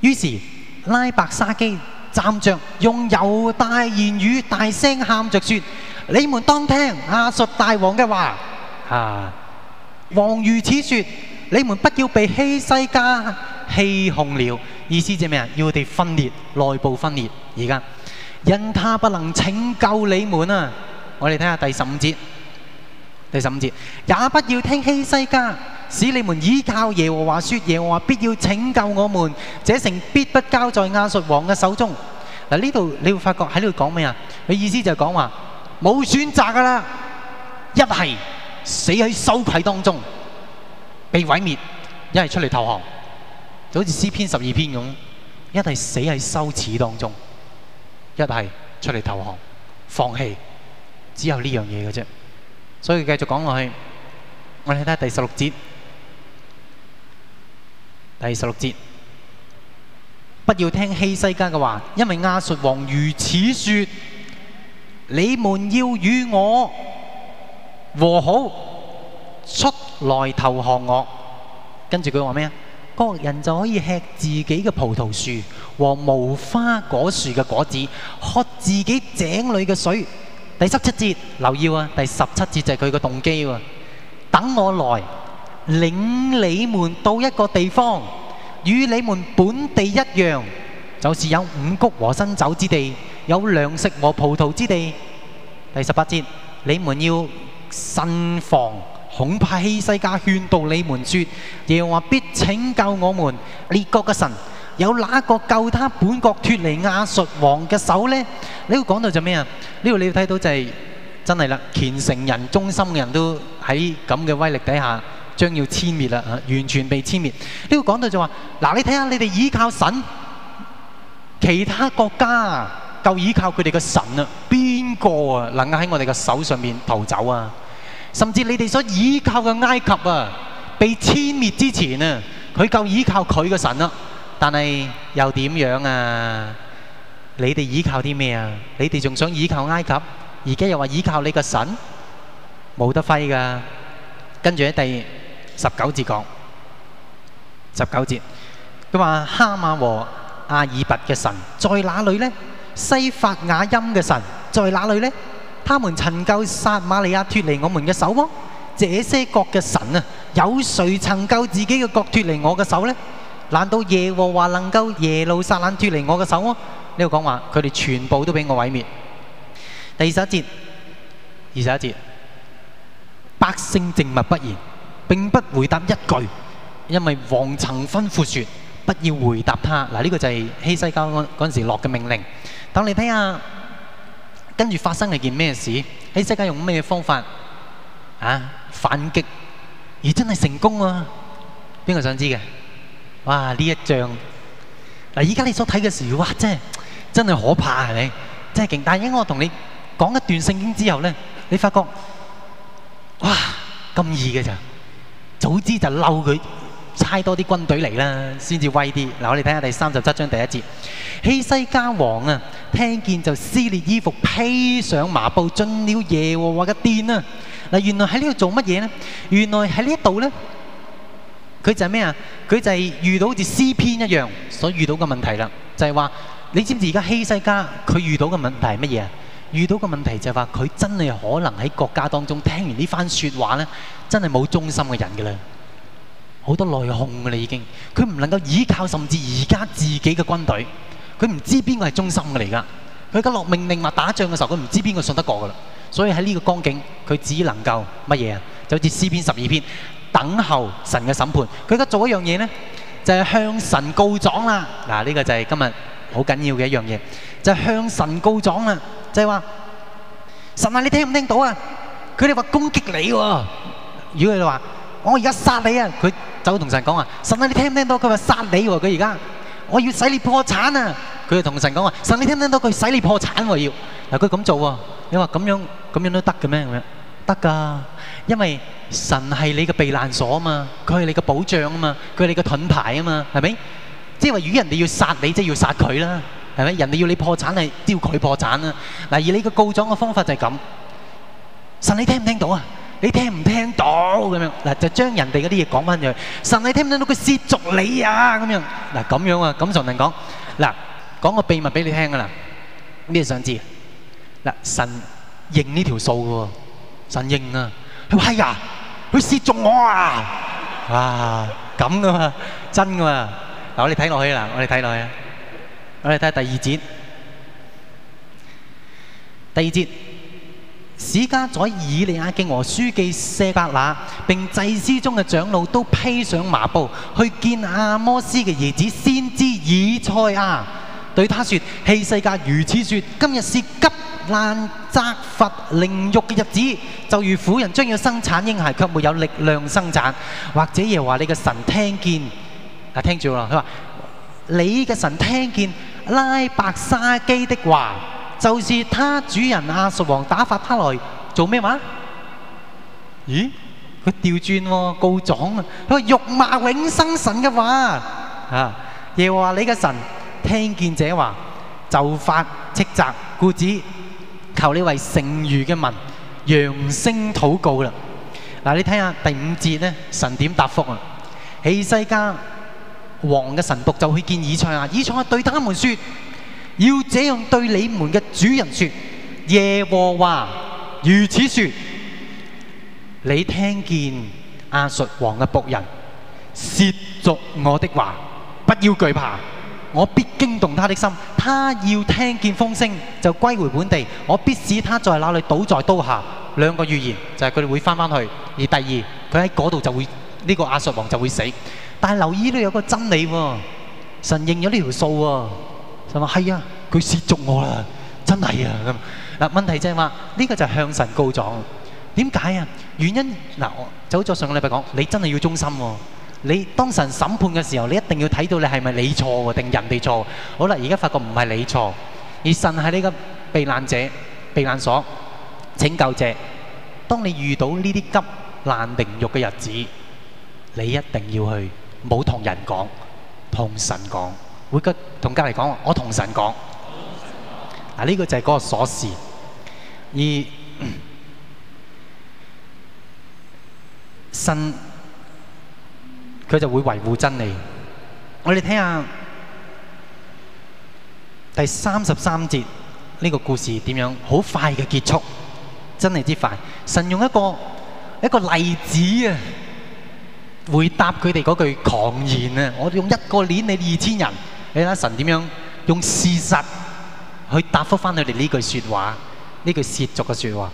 於是拉伯沙基站着，用猶大言語大聲喊着說：你們當聽亞述大王嘅話。啊，王如此說，你們不要被希西家欺哄了。意思係咩啊？要我哋分裂，內部分裂。而家因他不能拯救你們啊！我哋睇下第十五節，第十五節也不要聽希西家。使你們依靠耶和華說耶和華必要拯救我們，這城必不交在亞述王嘅手中。嗱，呢度你會發覺喺呢度講咩啊？佢意思就係講話冇選擇噶啦，一係死喺羞愧當中被毀滅，一係出嚟投降，就好似詩篇十二篇咁，一係死喺羞恥當中，一係出嚟投降放棄，只有呢樣嘢嘅啫。所以繼續講落去，我哋睇下第十六節。第十六節，不要聽希西家嘅話，因為亞述王如此說：你們要與我和好，出來投降我。跟住佢話咩啊？各人就可以吃自己嘅葡萄樹和無花果樹嘅果子，喝自己井裏嘅水。第十七節，留意啊！第十七節就係佢嘅動機喎，等我來。領你們到一個地方，與你們本地一樣，就是有五穀和新酒之地，有糧食和葡萄之地。第十八節，你們要慎防，恐怕希西家勸導你們說：耶和華必拯救我們列國嘅神，有哪個救他本國脫離亞述王嘅手呢？你要講到就咩啊？呢度你要睇到就係真係啦，虔誠人、忠心嘅人都喺咁嘅威力底下。將要殲滅啦！啊，完全被殲滅。呢個講到就話，嗱，你睇下你哋倚靠神，其他國家啊夠倚靠佢哋嘅神啊？邊個啊，能夠喺我哋嘅手上面逃走啊？甚至你哋所倚靠嘅埃及啊，被殲滅之前啊，佢夠倚靠佢嘅神啊，但係又點樣啊？你哋倚靠啲咩啊？你哋仲想倚靠埃及？而家又話倚靠你嘅神，冇得揮噶。跟住咧，第二。十九節講，十九節佢話，哈馬和阿爾拔嘅神在哪裏咧？西法瓦音嘅神在哪裏咧？他們曾救撒瑪利亞脫離我們嘅手麼？這些國嘅神啊，有誰曾救自己嘅國脫離我嘅手咧？難道耶和華能夠耶路撒冷脫離我嘅手麼？呢個講話，佢哋全部都俾我毀滅。第二十一節，二十一節，百姓靜默不言，並不回答一句，因為王曾吩咐說不要回答他。嗱，呢個就係希西家嗰嗰陣時落嘅命令。等你睇下，跟住發生咗件咩事？希西家用咩方法啊反擊？而真係成功啊！邊個想知嘅？哇！呢一仗嗱，依家你所睇嘅時候，哇真係真係可怕啊！你真係勁。但係我同你講一段聖經之後咧，你發覺哇咁易嘅咋？早知就嬲佢，差多啲軍隊嚟啦，先至威啲。嗱，我哋睇下第三十七章第一節，希西家王啊，聽見就撕裂衣服，披上麻布，進了耶和華嘅殿啊。嗱，原來喺呢度做乜嘢咧？原來喺呢一度咧，佢就係咩啊？佢就係遇到好似詩篇一樣所遇到嘅問題啦。就係話，你知唔知而家希西家佢遇到嘅問題係乜嘢？遇到嘅問題就係話，佢真係可能喺國家當中聽完呢番説話咧。真係冇忠心嘅人嘅啦，好多內訌嘅啦，已經佢唔能夠依靠，甚至而家自己嘅軍隊，佢唔知邊個係忠心嘅嚟㗎。而佢而家落命令或打仗嘅時候，佢唔知邊個信得過嘅啦。所以喺呢個光景，佢只能夠乜嘢啊？就好似詩篇十二篇，等候神嘅審判。佢而家做一樣嘢呢，就係向神告狀啦。嗱，呢個就係今日好緊要嘅一樣嘢，就係向神告狀啦。就係話神啊，你聽唔聽到啊？佢哋話攻擊你喎。如果佢哋話我而家殺你啊，佢就同神講啊，神啊，你聽唔聽到？佢話殺你喎，佢而家我要使你破產啊！佢就同神講啊，神你聽唔聽到？佢使你破產喎，啊，要嗱佢咁做喎，啊，你話咁樣咁樣都得嘅咩？咁樣得噶，因為神係你嘅避難所啊嘛，佢係你嘅保障啊嘛，佢係你嘅盾牌啊嘛，係咪？即係話，如果人哋要殺你，即、就、係、是、要殺佢啦，係咪？人哋要你破產，係、就是、要佢破產啦。嗱，而你嘅告狀嘅方法就係咁，神你聽唔聽到啊？你聽唔聽到咁樣嗱？就將人哋嗰啲嘢講返入去。神，你聽唔聽到佢誹責你啊？咁樣嗱咁樣啊，咁就唔能講。嗱，講個秘密俾你聽啊啦。咩想知？嗱，神認呢條數嘅喎，神認啊。佢話哎呀，佢誹責我啊。哇，咁嘅嘛，真嘅嘛。嗱，我哋睇落去啦，我哋睇落去，我哋睇下第二節。第二節。史家宰、以利亞敬和書記舍伯拿，並祭司中嘅長老都披上麻布去見亞摩斯嘅兒子先知以賽亞，對他說：希西家如此説，今日是急難責罰凌辱嘅日子，就如婦人將要生產嬰孩，卻沒有力量生產，或者亦話你嘅神聽見，啊聽住啦，佢話你嘅神聽見拉白沙基的話。就是他主人亞述王打發他來做咩話？咦，佢調轉、哦、告狀啊！佢話辱罵永生神嘅話啊，耶和華你嘅神聽見者話就發斥責故，故此求你為剩餘嘅民揚聲禱告啦。嗱、啊，你聽下第五節咧，神點答覆啊？希西家王嘅臣僕就去見以賽亞，以賽亞對他們說。要這樣對你們嘅主人說：耶和華如此說，你聽見亞述王嘅僕人褻瀆我的話，不要懼怕，我必驚動他的心，他要聽見風聲就歸回本地，我必使他在那裏倒在刀下。兩個預言就係佢哋會翻翻去，而第二佢喺嗰度就會呢個亞述王就會死。但係留意都有個真理喎，神認咗呢條數喎。就話係啊，佢蝕足我啦，真係啊咁。嗱，問題就係話呢個就向神告狀，點解啊？原因嗱，我就好似上個禮拜講，你真係要忠心喎。你當神審判嘅時候，你一定要睇到你係咪你錯定人哋錯。好啦，而家發覺唔係你錯，而神係你個避難者、避難所、拯救者。當你遇到呢啲急難凌辱嘅日子，你一定要去，唔好同人講，同神講。會跟同隔籬講，我同神講。嗱，呢個就係嗰個鎖匙，而神佢就會維護真理。我哋睇下第三十三節呢個故事點樣，好快嘅結束，真係之快。神用一個一個例子啊，回答佢哋嗰句狂言啊，我用一個碾你二千人。你睇神點樣用事實去答覆翻佢哋呢句說話，呢句褻瀆嘅說話。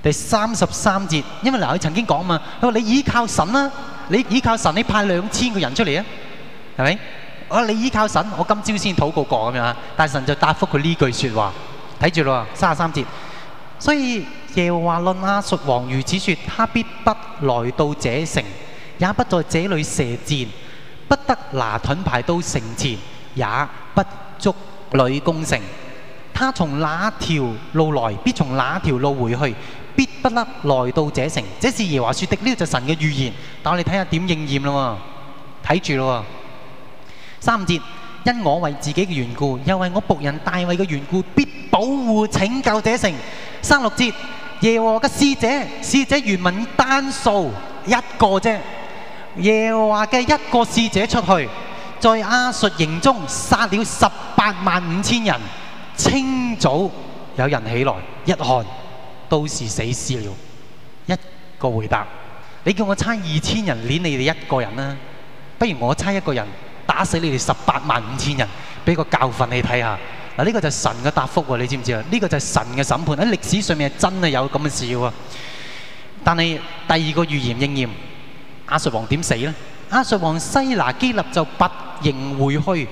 第三十三節，因為嗱佢曾經講嘛，佢話你依靠神啊，你依靠神，你派兩千個人出嚟啊，係咪？我話你依靠神，我今朝先禱告過，但神就答覆佢呢句說話，睇住咯，三十三節。所以耶和華論啊，亞述王如此說，他必不來到這城，也不在這裏射箭。」不得拿盾牌到城前，也不築壘攻城。他從哪條路來，必從哪條路回去，必不得來到這城。這是耶和華說的，呢就係神嘅預言。但我哋睇下點應驗啦，睇住啦。三五節，因我為自己嘅緣故，又為我僕人大衛嘅緣故，必保護拯救這城。三六節，耶和華嘅使者，使者原文單數一個啫。耶和華嘅一個使者出去，在亞述營中殺了十八萬五千人。清早有人起來一看，都是死屍了。一個回答：你叫我差二千人攆你哋一個人啦，不如我差一個人打死你哋十八萬五千人，俾個教訓你睇下。嗱，呢個就神嘅答覆，你知唔知啊？呢、這個就神嘅審判喺歷史上面係真係有咁嘅事嘅。但係第二個預言應驗。亞述王點死呢？亞述王西拿基立就不認回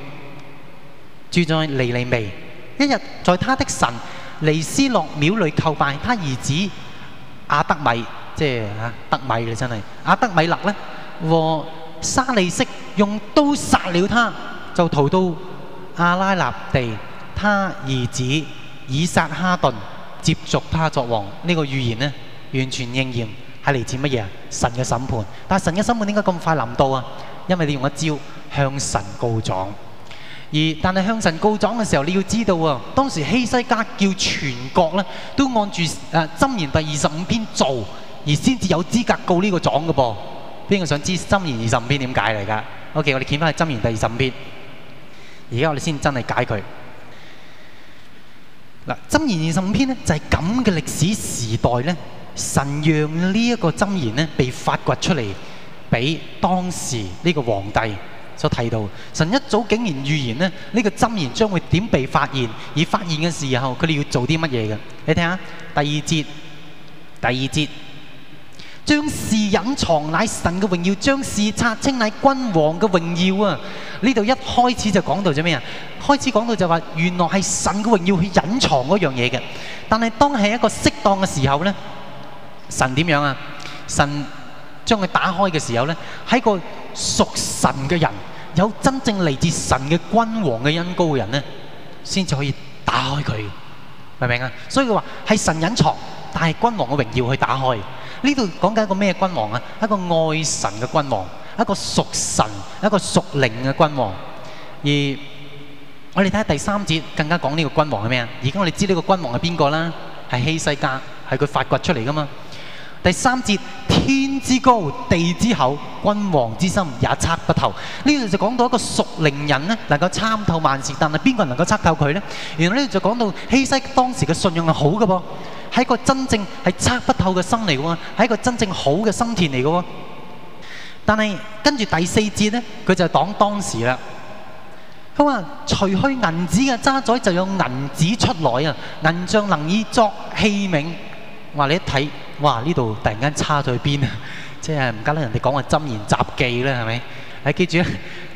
去，住在尼尼微。一日，在他的神尼斯洛廟裏叩拜，他兒子亞德米，即係吓、啊、德米你真係。亞德米勒咧和沙利色用刀殺了他，就逃到阿拉納地。他兒子以撒哈頓接續他作王，呢、這個預言呢，完全應驗。係嚟自乜嘢啊？神嘅審判，但係神嘅審判點解咁快臨到啊？因為你用一招向神告狀，而但係向神告狀嘅時候，你要知道啊，當時希西家叫全國咧都按住誒箴言第二十五篇做，而先至有資格告呢個狀㗎噃。邊個想知箴言二十五篇點解嚟㗎？O K，我哋見翻去箴言第二十五篇，而家我哋先真係解佢嗱。箴言二十五篇咧就係咁嘅歷史時代咧。神讓針呢一個箴言咧被發掘出嚟，俾當時呢個皇帝所提到。神一早竟然預言咧，呢、這個箴言將會點被發現，而發現嘅時候，佢哋要做啲乜嘢嘅？你睇下第二節，第二節將事隱藏乃神嘅榮耀，將事察清乃君王嘅榮耀啊！呢度一開始就講到咗咩啊？開始講到就話，原來係神嘅榮耀去隱藏嗰樣嘢嘅，但係當係一個適當嘅時候呢。神點樣啊？神將佢打開嘅時候咧，喺個屬神嘅人，有真正嚟自神嘅君王嘅恩膏嘅人呢，先至可以打開佢，明唔明啊？所以佢話係神隱藏，但係君王嘅榮耀去打開。呢度講緊一個咩君王啊？一個愛神嘅君王，一個屬神，一個屬靈嘅君王。而我哋睇下第三節更加講呢個君王係咩啊？而家我哋知呢個君王係邊個啦？係希西家，係佢發掘出嚟噶嘛？第三節，天之高，地之厚，君王之心也測不透。呢度就講到一個屬靈人能夠參透萬事，但係邊個能夠測透佢呢？原來然後咧就講到希西當時嘅信用係好嘅噃，係一個真正係測不透嘅心嚟嘅喎，係一個真正好嘅心田嚟嘅喎。但係跟住第四節呢，佢就講當時啦。佢話：除去銀子嘅渣滓，就有銀子出來啊！銀匠能以作器皿。話你一睇，哇！呢度突然間差咗去邊啊？即係唔加得人哋講嘅《箴言雜記》啦，係咪？係記住咧，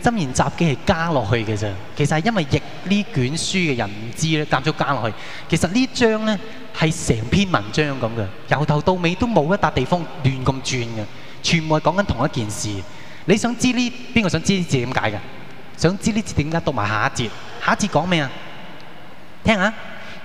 《箴言雜記》係加落去嘅啫。其實係因為譯呢卷書嘅人唔知咧，間咗加落去。其實張呢章咧係成篇文章咁嘅，由頭到尾都冇一笪地方亂咁轉嘅，全部係講緊同一件事。你想知呢邊個想知呢字點解嘅？想知呢字點解讀埋下一節？下一節講咩啊？聽下。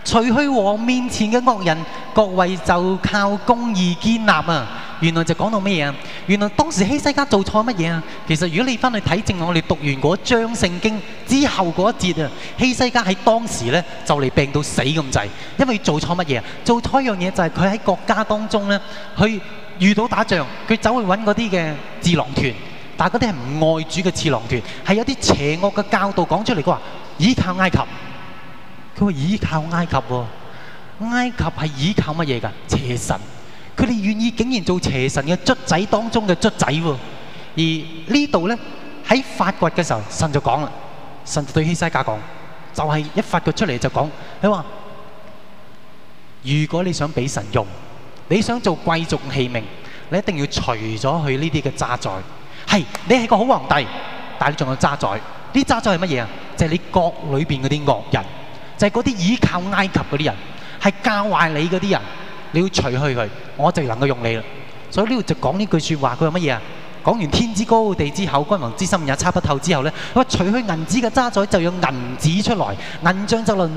除去王面前嘅惡人，各位就靠公義堅立啊！原來就講到咩嘢啊？原來當時希西家做錯乜嘢啊？其實如果你翻去睇正，我哋讀完嗰一章聖經之後嗰一節啊，希西家喺當時咧就嚟病到死咁滯，因為做錯乜嘢啊？做錯一樣嘢就係佢喺國家當中咧，去遇到打仗，佢走去揾嗰啲嘅智囊團，但係嗰啲係唔愛主嘅智囊團，係有啲邪惡嘅教導講出嚟，佢話倚靠埃及。佢話依靠埃及喎，埃及係依靠乜嘢㗎？邪神，佢哋願意竟然做邪神嘅卒仔當中嘅卒仔喎。而呢度咧喺發掘嘅時候，神就講啦，神就對希西家講，就係、是、一發掘出嚟就講，佢話如果你想俾神用，你想做貴族器皿，你一定要除咗佢呢啲嘅渣滓。係你係個好皇帝，但係你仲有渣滓。呢啲渣滓係乜嘢啊？就係、是、你國裏邊嗰啲惡人。就係嗰啲倚靠埃及嗰啲人，係教壞你嗰啲人，你要除去佢，我就能夠用你啦。所以呢度就講呢句説話，佢話乜嘢啊？講完天之高地之厚，君王之心也測不透之後咧，佢話除去銀子嘅渣滓，就有銀子出來，銀匠就論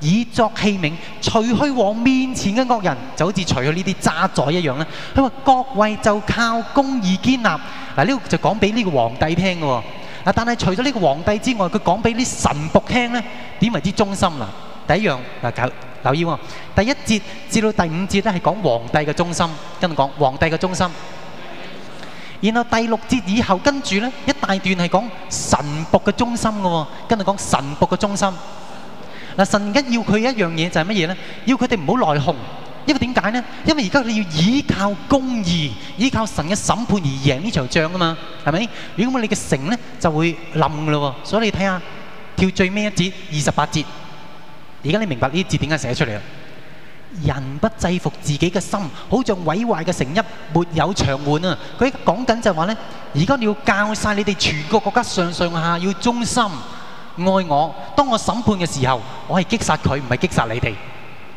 以作器皿。除去王面前嘅惡人，就好似除去呢啲渣滓一樣啦。佢話國位就靠公義堅立嗱，呢度就講俾呢個皇帝聽嘅喎。啊！但係除咗呢個皇帝之外，佢講俾啲臣僕聽咧，點為之忠心啦？第一樣嗱，搞留意喎。第一節至到第五節咧係講皇帝嘅忠心，跟住講皇帝嘅忠心。然後第六節以後跟住咧，一大段係講臣僕嘅忠心嘅喎，跟住講臣僕嘅忠心。嗱，神一要佢一樣嘢就係乜嘢咧？要佢哋唔好內訌。因為點解呢？因為而家你要依靠公義，依靠神嘅審判而贏呢場仗噶嘛，係咪？如果唔係你嘅城呢，就會冧噶咯。所以你睇下跳最尾一節二十八節，而家你明白呢啲字點解寫出嚟啦？人不製服自己嘅心，好像毀壞嘅城邑，沒有牆垣啊！佢講緊就話咧，而家你要教晒你哋全個國，國家上上下要忠心愛我。當我審判嘅時候，我係擊殺佢，唔係擊殺你哋。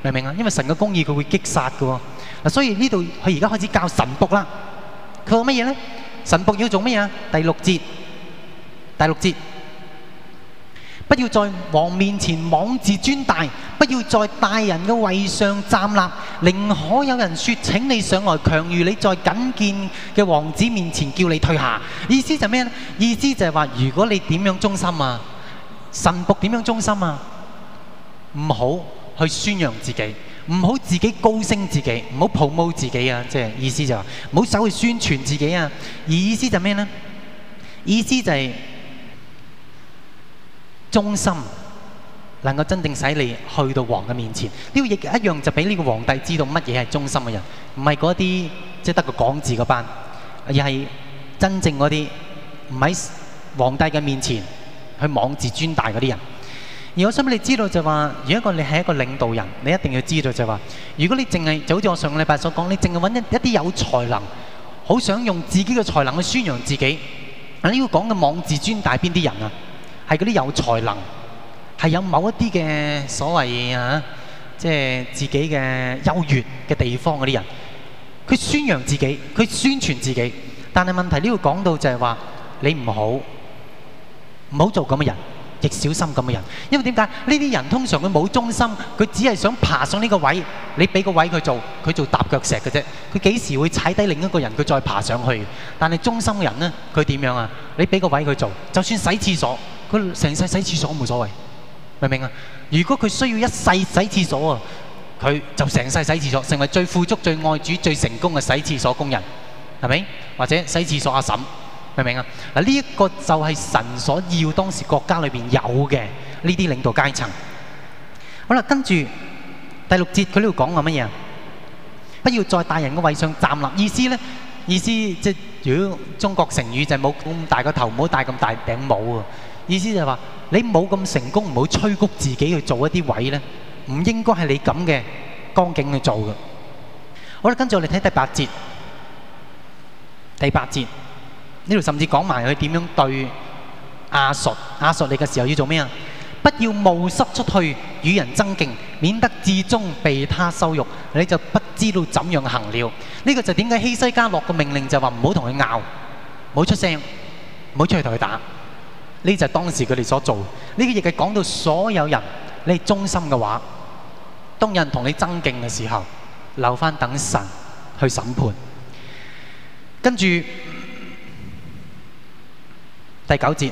明唔明啊？因為神嘅公義佢會擊殺嘅，嗱，所以呢度佢而家開始教神僕啦。佢話乜嘢咧？神僕要做乜嘢啊？第六節，第六節，不要在王面前妄自尊大，不要在大人嘅位上站立，寧可有人說請你上來，強如你在覲見嘅王子面前叫你退下。意思就係咩咧？意思就係話，如果你點樣忠心啊，神僕點樣忠心啊？唔好。去宣揚自己，唔好自己高升自己，唔好抱僕自己啊！意思就話，是，唔好走去宣傳自己啊！意思就咩呢？意思就係，是、忠心能夠真正使你去到皇帝面前。呢，這個一樣就俾呢個皇帝知道乜嘢係忠心嘅人，唔係嗰啲即係得個講字嗰班，而係真正嗰啲唔喺皇帝嘅面前去妄自尊大嗰啲人。而我想俾你知道就話，如果個你係一個領導人，你一定要知道就話，如果你淨係就好似我上個禮拜所講，你淨係揾一一啲有才能、好想用自己嘅才能去宣揚自己，呢個講嘅妄自尊大係邊啲人啊？係嗰啲有才能、係有某一啲嘅所謂嚇、啊，即係自己嘅優越嘅地方嗰啲人，佢宣揚自己，佢宣傳自己，但係問題呢個講到就係話，你唔好唔好做咁嘅人。極小心咁嘅人，因為點解呢啲人通常佢冇忠心，佢只係想爬上呢個位，你俾個位佢做，佢做踏腳石嘅啫。佢幾時會踩低另一個人，佢再爬上去？但係忠心嘅人呢，佢點樣啊？你俾個位佢做，就算洗廁所，佢成世洗廁所都冇所謂，明唔明啊？如果佢需要一世洗廁所啊，佢就成世洗廁所，成為最富足、最愛主、最成功嘅洗廁所工人，係咪？或者洗廁所阿嬸。明唔明啊？嗱，呢一個就係神所要當時國家裏邊有嘅呢啲領導階層。好啦，跟住第六節，佢呢度講話乜嘢？不要在大人的位上站立。意思咧，意思即係如果中國成語就係冇咁大個頭，唔好戴咁大頂帽啊。意思就係話你冇咁成功，唔好吹谷自己去做一啲位咧，唔應該係你咁嘅光景去做嘅。好啦，跟住我哋睇第八節。第八節。呢度甚至講埋佢點樣對亞述亞述你嘅時候要做咩啊？不要冒失出去與人爭競，免得至終被他羞辱，你就不知道怎樣行了。呢、這個就點解希西家落個命令就話唔好同佢拗，唔好出聲，唔好出去同佢打。呢就係當時佢哋所做。呢、這個亦係講到所有人，你係忠心嘅話，當有人同你爭競嘅時候，留翻等神去審判。跟住。第九節，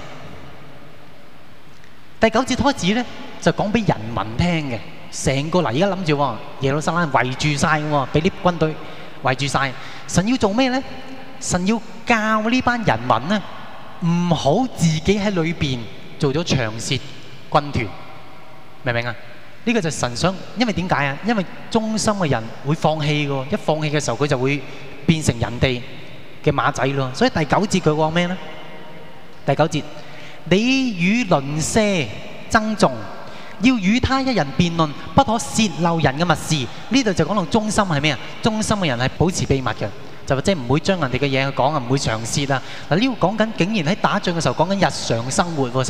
第九節開始，咧就講俾人民聽嘅，成個嗱，而家諗住耶路撒冷圍住晒，俾啲軍隊圍住晒，神要做咩咧？神要教呢班人民咧，唔好自己喺裏邊做咗長舌軍團，明唔明啊？呢個就神想，因為點解啊？因為忠心嘅人會放棄嘅，一放棄嘅時候佢就會變成人哋嘅馬仔咯。所以第九節佢講咩咧？第九節，你與鄰舍爭訟，要與他一人辯論，不可泄漏人嘅密事。呢度就講到忠心係咩啊？忠心嘅人係保持秘密嘅，就或者唔會將人哋嘅嘢講啊，唔會詳泄啊。嗱，呢度講緊，竟然喺打仗嘅時候講緊日常生活神，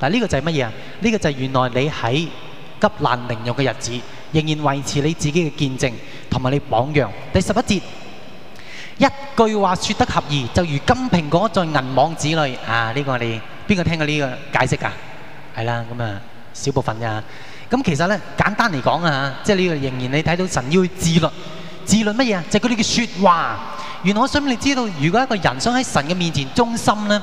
神嗱，呢個就係乜嘢啊？呢、呢個就係原來你喺急難凌辱嘅日子，仍然維持你自己嘅見證同埋你榜樣。第十一節。一句話説得合宜，就如金蘋果在銀網子裡。啊，呢個你邊個聽過呢個解釋啊？係啦，咁啊少部分噶。咁其實咧，簡單嚟講啊，即係你仍然你睇到神要自律，自律乜嘢啊？就係佢哋嘅説話。原來我想你知道，如果一個人想喺神嘅面前忠心咧，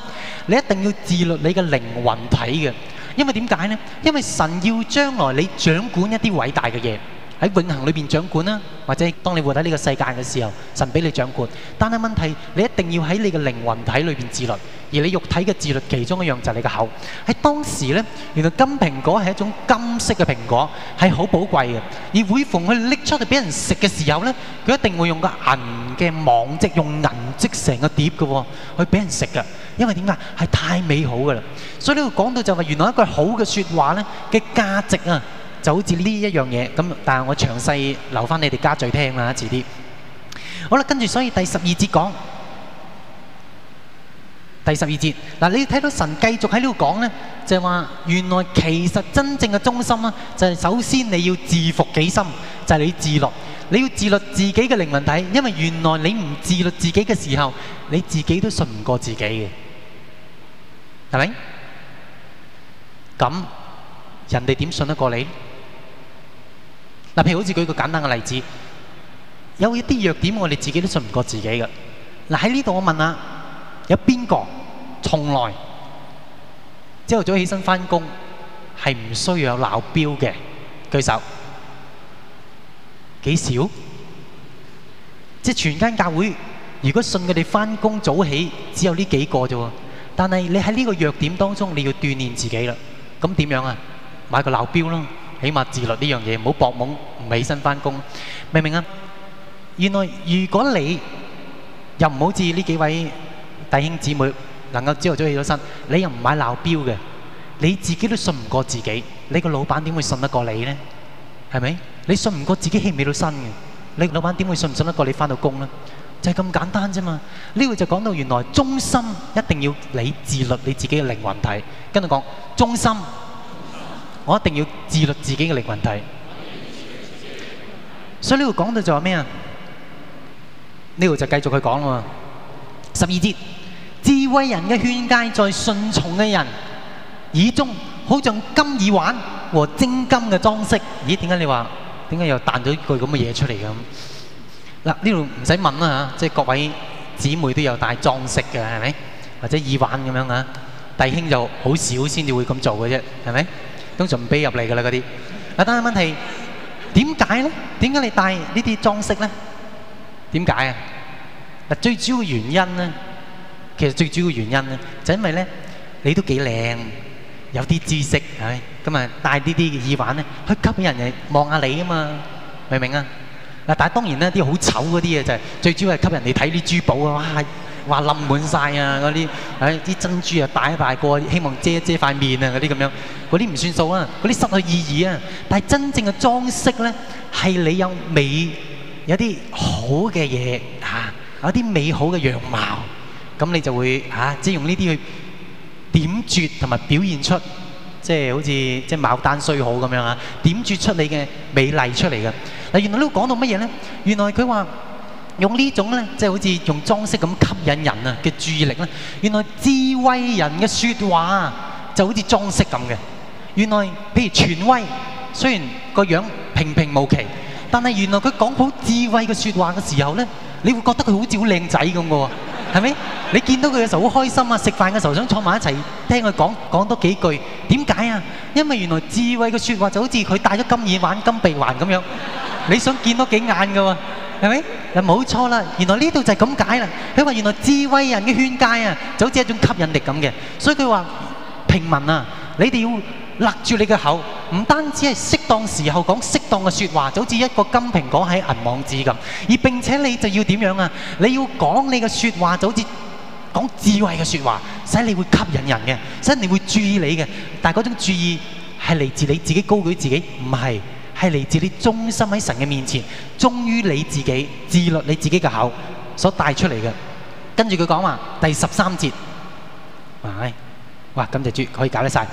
你一定要自律你嘅靈魂體嘅。因為點解咧？因為神要將來你掌管一啲偉大嘅嘢。喺永恆裏邊掌管啦，或者當你活喺呢個世界嘅時候，神俾你掌管。但係問題，你一定要喺你嘅靈魂體裏邊自律，而你肉體嘅自律，其中一樣就係你嘅口。喺當時咧，原來金蘋果係一種金色嘅蘋果，係好寶貴嘅。而每逢佢拎出嚟俾人食嘅時候咧，佢一定會用個銀嘅網織，用銀織成個碟嘅，去俾人食嘅。因為點解？係太美好噶啦。所以呢度講到就係，原來一句好嘅說話咧嘅價值啊！就好似呢一樣嘢，但係我詳細留翻你哋家聚聽啦，遲啲。好啦，跟住所以第十二節講，第十二節嗱，你要睇到神繼續喺呢度講呢，就係、是、話原來其實真正嘅忠心呢、啊，就係、是、首先你要自服己心，就係、是、你自律，你要自律自己嘅靈魂體，因為原來你唔自律自己嘅時候，你自己都信唔過自己嘅，係咪？咁人哋點信得過你？嗱，譬如好似舉個簡單嘅例子，有一啲弱點我哋自己都信唔過自己嘅。嗱、啊，喺呢度我問下，有邊個從來朝早起身翻工係唔需要有鬧錶嘅？舉手，幾少？即係全間教會，如果信佢哋翻工早起只有呢幾個啫。但係你喺呢個弱點當中，你要鍛煉自己啦。咁點樣啊？買個鬧錶啦。起碼自律呢樣嘢唔好博懵，唔起身返工，明唔明啊？原來如果你又唔好似呢幾位弟兄姊妹能夠朝頭早起咗身，你又唔買鬧表嘅，你自己都信唔過自己，你個老闆點會信得過你咧？係咪？你信唔過自己起唔起到身嘅，你老闆點會信唔信得過你返到工咧？就係咁簡單啫嘛！呢個就講到原來忠心一定要你自律你自己嘅靈魂體，跟住講忠心。我一定要自律自己嘅靈魂體，所以呢度講到就係咩啊？呢度就繼續去講啦嘛。十二節，智慧人嘅勸戒在順從嘅人耳中，好像金耳環和精金嘅裝飾。咦？點解你話點解又彈咗一句咁嘅嘢出嚟嘅？嗱，呢度唔使問啦吓，即係各位姊妹都有戴裝飾嘅，係咪？或者耳環咁樣啊？弟兄就好少先至會咁做嘅啫，係咪？通常唔俾入嚟噶啦嗰啲。嗱，但係問題點解咧？點解你戴呢啲裝飾咧？點解啊？嗱，最主要原因咧，其實最主要嘅原因咧，就因為咧，你都幾靚，有啲知識，係咁啊，戴呢啲耳環咧，去吸引人哋望下你啊嘛，明唔明啊？嗱，但係當然咧，啲好醜嗰啲嘢就係最主要係吸引你睇啲珠寶啊！哇～話冧滿曬啊！嗰啲，誒啲珍珠啊，大一大個，希望遮遮塊面啊，嗰啲咁樣，嗰啲唔算數啊，嗰啲失去意義啊。但係真正嘅裝飾咧，係你有美，有啲好嘅嘢嚇，有啲美好嘅樣貌，咁你就會嚇，即係用呢啲去點綴同埋表現出，即係好似即係牡丹雖好咁樣啊，點綴出你嘅美麗出嚟嘅。嗱，原來呢個講到乜嘢咧？原來佢話。用呢種咧，即係好似用裝飾咁吸引人啊嘅注意力咧。原來智慧人嘅説話啊，就好似裝飾咁嘅。原來譬如權威，雖然個樣平平無奇，但係原來佢講好智慧嘅説話嘅時候咧，你會覺得佢好似好靚仔咁嘅喎，係咪？你見到佢嘅時候好開心啊！食飯嘅時候想坐埋一齊聽佢講講多幾句。點解啊？因為原來智慧嘅説話就好似佢戴咗金耳環、金鼻環咁樣，你想見到幾眼嘅喎。係咪？又冇錯啦！原來呢度就係咁解啦。佢話原來智慧人嘅勸戒啊，就好似一種吸引力咁嘅。所以佢話：平民啊，你哋要勒住你嘅口，唔單止係適當時候講適當嘅説話，就好似一個金蘋果喺銀網子咁。而並且你就要點樣啊？你要講你嘅説話，就好似講智慧嘅説話，使你會吸引人嘅，使你會注意你嘅。但係嗰種注意係嚟自你自己高舉自己，唔係。係嚟自你忠心喺神嘅面前，忠於你自己，自律你自己嘅口所帶出嚟嘅。跟住佢講話，第十三節，哇，咁就絕可以搞得晒。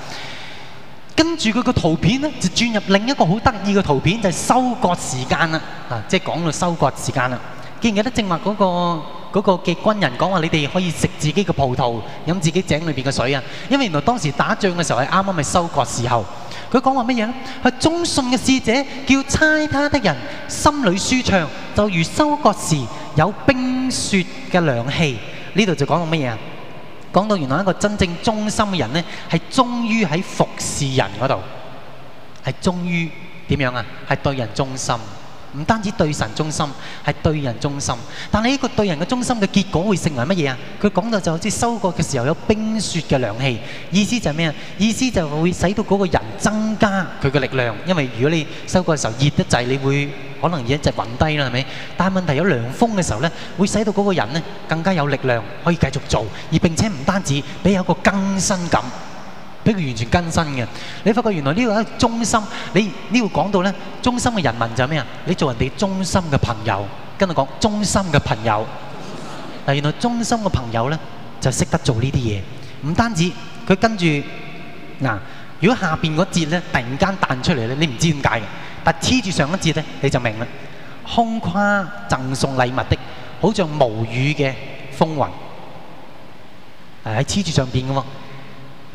跟住佢個圖片呢，就轉入另一個好得意嘅圖片，就係收割時間啦，啊，即係講到收割時間啦。記唔記得正話嗰個嗰個嘅軍人講話，你哋可以食自己嘅葡萄，飲自己井裏邊嘅水啊？因為原來當時打仗嘅時候係啱啱咪收割時候。佢講話乜嘢咧？係忠信嘅使者，叫差他的人心裏舒暢，就如收割時有冰雪嘅涼氣。呢度就講到乜嘢啊？講到原來一個真正忠心嘅人咧，係忠於喺服侍人嗰度，係忠於點樣啊？係對人忠心。唔單止對神忠心，係對人忠心。但係呢個對人嘅忠心嘅結果會成為乜嘢啊？佢講到就好似收割嘅時候有冰雪嘅涼氣，意思就咩啊？意思就會使到嗰個人增加佢嘅力量。因為如果你收割嘅時候熱得滯，你會可能已經就暈低啦，係咪？但係問題有涼風嘅時候咧，會使到嗰個人更加有力量可以繼續做，而並且唔單止俾有一個更新感。俾佢完全更新嘅，你發覺原來呢個忠心，你呢個講到咧忠心嘅人民就係咩啊？你做人哋忠心嘅朋友，跟住講忠心嘅朋友。嗱，原來忠心嘅朋友咧就識得做呢啲嘢，唔單止佢跟住嗱。如果下邊嗰節咧突然間彈出嚟咧，你唔知點解嘅，但黐住上一節咧你就明啦。空誇贈送禮物的，好像無雨嘅風雲，係喺黐住上邊嘅喎。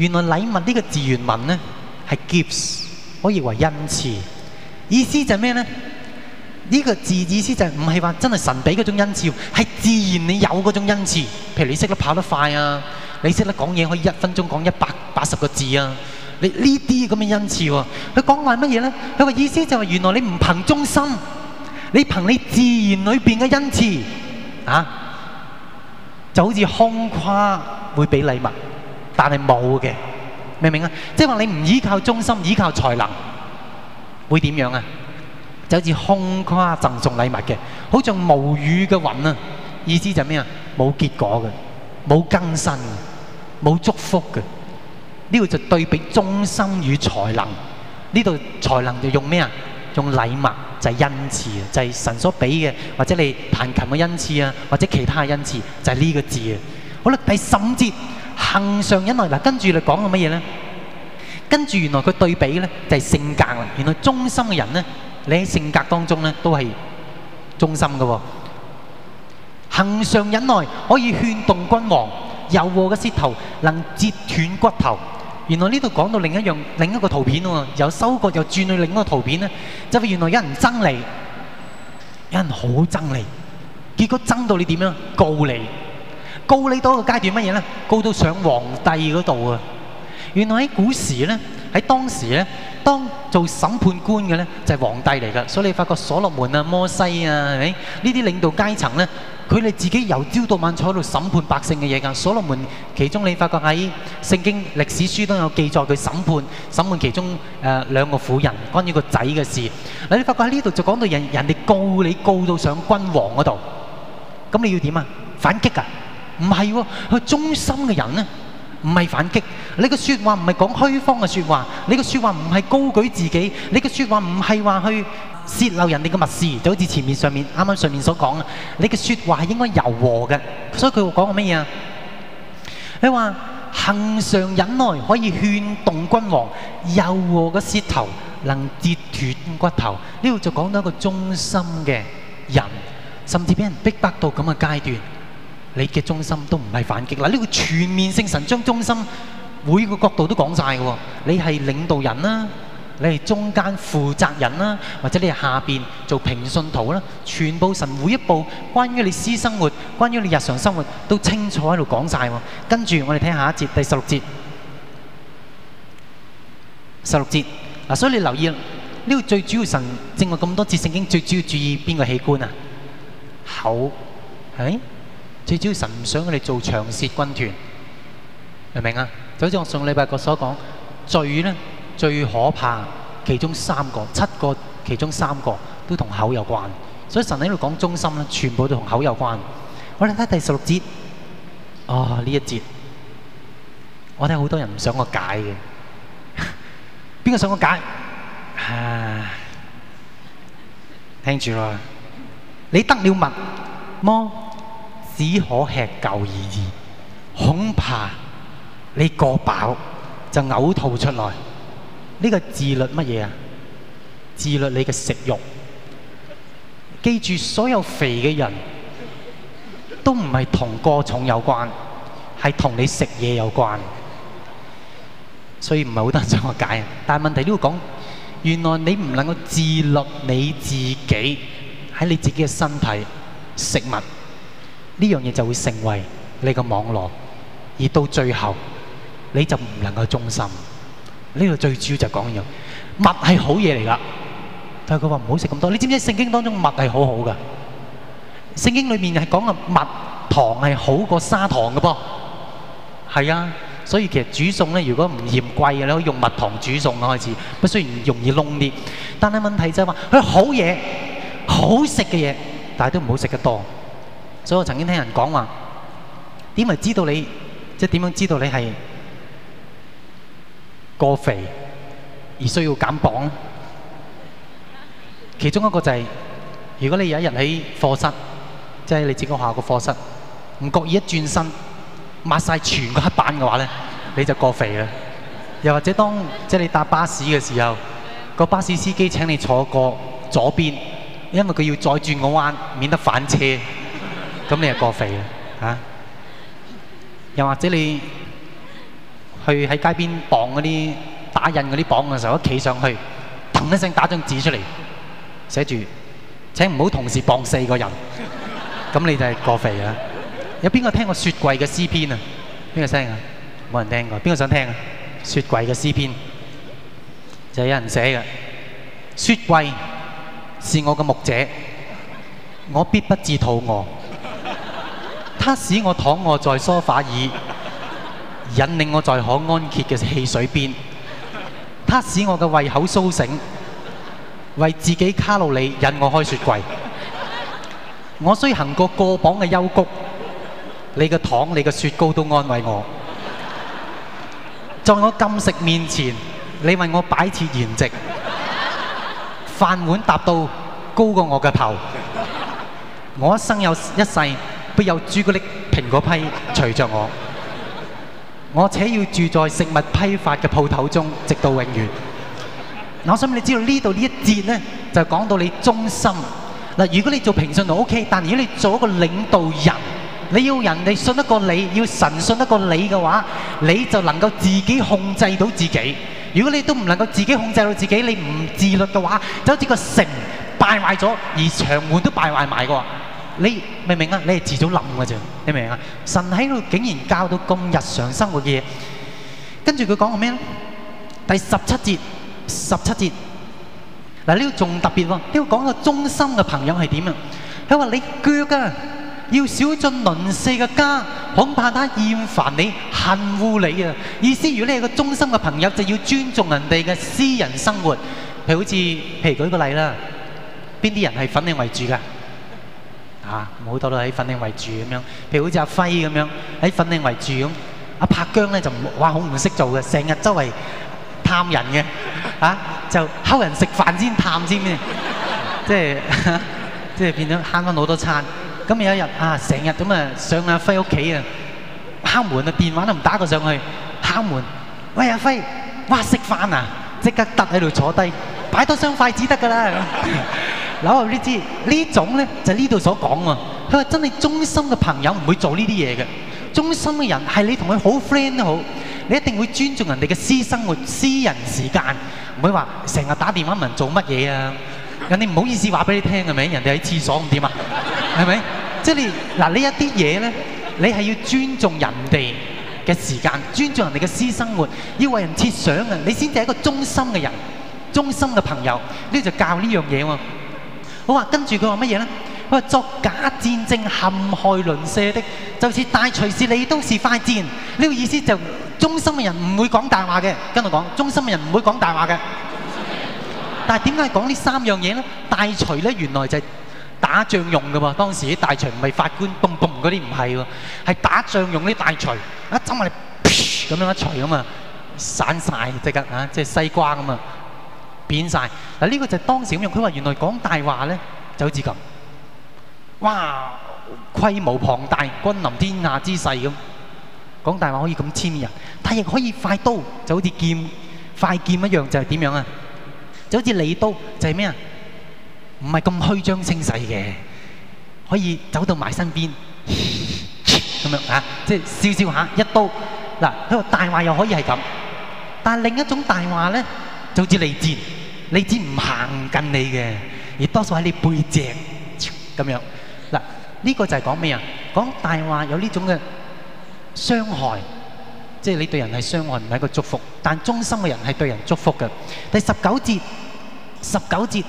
原來禮物呢個字原文呢，係 gifts，可以話恩賜。意思就咩咧？呢、這個字意思就唔係話真係神俾嗰種恩賜，係自然你有嗰種恩賜。譬如你識得跑得快啊，你識得講嘢可以一分鐘講一百八十個字啊，你呢啲咁嘅恩賜喎、啊。佢講埋乜嘢呢？佢話意思就話，原來你唔憑忠心，你憑你自然裏面嘅恩賜啊，就好似空跨會俾禮物。但係冇嘅，明唔明啊？即係話你唔依靠忠心，依靠才能，會點樣啊？就好似空誇贈送禮物嘅，好似無雨嘅雲啊！意思就咩啊？冇結果嘅，冇更新嘅，冇祝福嘅。呢度就對比忠心與才能。呢度才能就用咩啊？用禮物就係恩賜啊！就係神所俾嘅，或者你彈琴嘅恩賜啊，或者其他嘅恩賜，就係呢個字啊！好啦，第十五節。恒常忍耐嗱,跟住你講個乜嘢呢?跟住原來佢對比呢,就係性格,原來忠心嘅人呢,你喺性格當中呢,都係忠心㗎喎。恒告你多嘅階段乜嘢咧？告到上皇帝嗰度啊！原來喺古時咧，喺當時咧，當做審判官嘅咧就係皇帝嚟噶。所以你發覺所羅門啊、摩西啊，係咪呢啲領導階層咧？佢哋自己由朝到晚坐喺度審判百姓嘅嘢噶。所羅門其中你發覺喺聖經歷史書都有記載，佢審判審判其中誒兩個婦人關於個仔嘅事嗱。你發覺喺呢度就講到人人哋告你告到上君王嗰度，咁你要點啊？反擊啊！唔係喎，佢、哦、忠心嘅人呢，唔係反擊。你個説話唔係講虛謊嘅説話，你個説話唔係高舉自己，你個説話唔係話去泄漏人哋嘅密事。就好似前面上面啱啱上面所講啊，你嘅説話係應該柔和嘅。所以佢會講個乜嘢啊？你話恆常忍耐可以勸動君王，柔和嘅舌頭能折斷骨頭。呢度就講到一個忠心嘅人，甚至俾人逼迫，迫到咁嘅階段。你嘅忠心都唔係反擊啦，呢、這個全面性神將忠心每個角度都講晒嘅喎。你係領導人啦、啊，你係中間負責人啦、啊，或者你係下邊做平信徒啦，全部神每一步關於你私生活、關於你日常生活都清楚喺度講曬。跟住我哋睇下一節第十六節，十六節嗱，所以你留意呢、這個最主要神正話咁多節聖經最主要注意邊個器官啊？口係。最主要神唔想佢哋做長舌軍團，明唔明啊？就好似我上禮拜嗰所講，最咧最可怕，其中三個、七個，其中三個都同口有關。所以神喺度講忠心咧，全部都同口有關。我哋睇第十六節，哦呢一節，我睇好多人唔想我解嘅，邊個想我解？聽住啦，你得了物麼？只可吃夠而已，恐怕你過飽就嘔吐出來。呢、這個自律乜嘢啊？自律你嘅食欲。記住，所有肥嘅人都唔係同過重有關，係同你食嘢有關。所以唔係好得咗我解。但係問題都要講，原來你唔能夠自律你自己喺你自己嘅身體食物。呢樣嘢就會成為你個網絡，而到最後你就唔能夠忠心。呢個最主要就講樣蜜係好嘢嚟噶，但係佢話唔好食咁多。你知唔知聖經當中蜜係好好噶？聖經裏面係講啊，蜜糖係好過砂糖噶噃，係啊。所以其實煮餸咧，如果唔嫌貴嘅，你可以用蜜糖煮餸開始。佢雖然容易燶啲，但係問題就係話佢好嘢，好食嘅嘢，但係都唔好食得多。所以我曾經聽人講話，點為知道你即係點樣知道你係過肥而需要減磅？其中一個就係、是、如果你有一日喺課室，即係你自己學校個課室，唔覺意一轉身抹晒全個黑板嘅話咧，你就過肥啦。又或者當即係你搭巴士嘅時候，個巴士司機請你坐過左邊，因為佢要再轉個彎，免得翻車。咁你係過肥啊！嚇，又或者你去喺街邊磅嗰啲打印嗰啲磅嘅時候，一企上去，砰一聲打張紙出嚟，寫住請唔好同時磅四個人，咁你就係過肥啊！有邊個聽過雪櫃嘅詩篇啊？邊個聽啊？冇人聽過，邊個想聽啊？雪櫃嘅詩篇就有人寫嘅。雪櫃是我嘅牧者，我必不至肚餓。他使我躺臥在梳化椅，引領我在可安歇嘅汽水邊。他使我嘅胃口蘇醒，為自己卡路里引我開雪櫃。我雖行過過磅嘅幽谷，你嘅糖、你嘅雪糕都安慰我。在我禁食面前，你為我擺設筵席，飯碗達到高過我嘅頭。我一生有一世。必有朱古力、蘋果批隨着我，我且要住在食物批發嘅鋪頭中，直到永遠。我想你知道呢度呢一節呢，就講到你忠心。嗱，如果你做平信徒 O K，但如果你做一個領導人，你要人哋信得過你，要神信得過你嘅話，你就能夠自己控制到自己。如果你都唔能夠自己控制到自己，你唔自律嘅話，就好似個城敗壞咗，而長門都敗壞埋嘅喎。你明唔明啊？你係自己諗㗎咋？你明唔明啊？神喺度竟然教到咁日常生活嘅嘢，跟住佢講個咩咧？第十七節，十七節，嗱呢度仲特別喎，呢度講個忠心嘅朋友係點啊？佢話你腳啊，要少進鄰舍嘅家，恐怕他厭煩你、恨惡你啊！意思如果你係個忠心嘅朋友，就要尊重人哋嘅私人生活。譬如好似，譬如舉個例啦，邊啲人係粉你為主㗎？啊，好多都喺粉嶺圍住咁樣，譬如好似阿輝咁樣喺粉嶺圍住咁，阿柏姜咧就哇好唔識做嘅，成日周圍探人嘅，啊就敲人食飯先探先嘅，即係即係變咗慳翻好多餐。咁有一日啊，成日咁啊上阿輝屋企啊，敲門啊，電話都唔打過上去，敲門，喂阿輝，哇食飯啊，即刻得喺度坐低，擺多雙筷子得噶啦。嗱，呢知呢種咧就係呢度所講喎啊。佢話真係忠心嘅朋友唔會做呢啲嘢嘅，忠心嘅人係你同佢好 friend 都好，你一定會尊重人哋嘅私生活、私人時間，唔會話成日打電話問人做乜嘢啊。人哋唔好意思話俾你聽嘅咩？人哋喺廁所唔掂啊，係咪？ <laughs> 即係你嗱呢一啲嘢咧，你係要尊重人哋嘅時間，尊重人哋嘅私生活，要為人設想啊！你先至係一個忠心嘅人，忠心嘅朋友。呢就教呢樣嘢喎。好啊，跟住佢話乜嘢咧？變晒嗱，呢個就係當時咁樣。佢話原來講大話咧，就好似咁，哇，規模龐大，君臨天下之勢咁。講大話可以咁千人，但亦可以快刀，就好似劍、快劍一樣，就係點樣啊？就好似利刀，就係咩啊？唔係咁虛張聲勢嘅，可以走到埋身邊咁樣啊！即係笑笑下一刀嗱，佢話大話又可以係咁，但係另一種大話咧，就好似利箭。你只唔行近你嘅，亦多數喺你背脊咁樣。嗱，呢個就係講咩啊？講大話有呢種嘅傷害，即係你對人係傷害，唔係一個祝福。但忠心嘅人係對人祝福嘅。第十九節，十九節，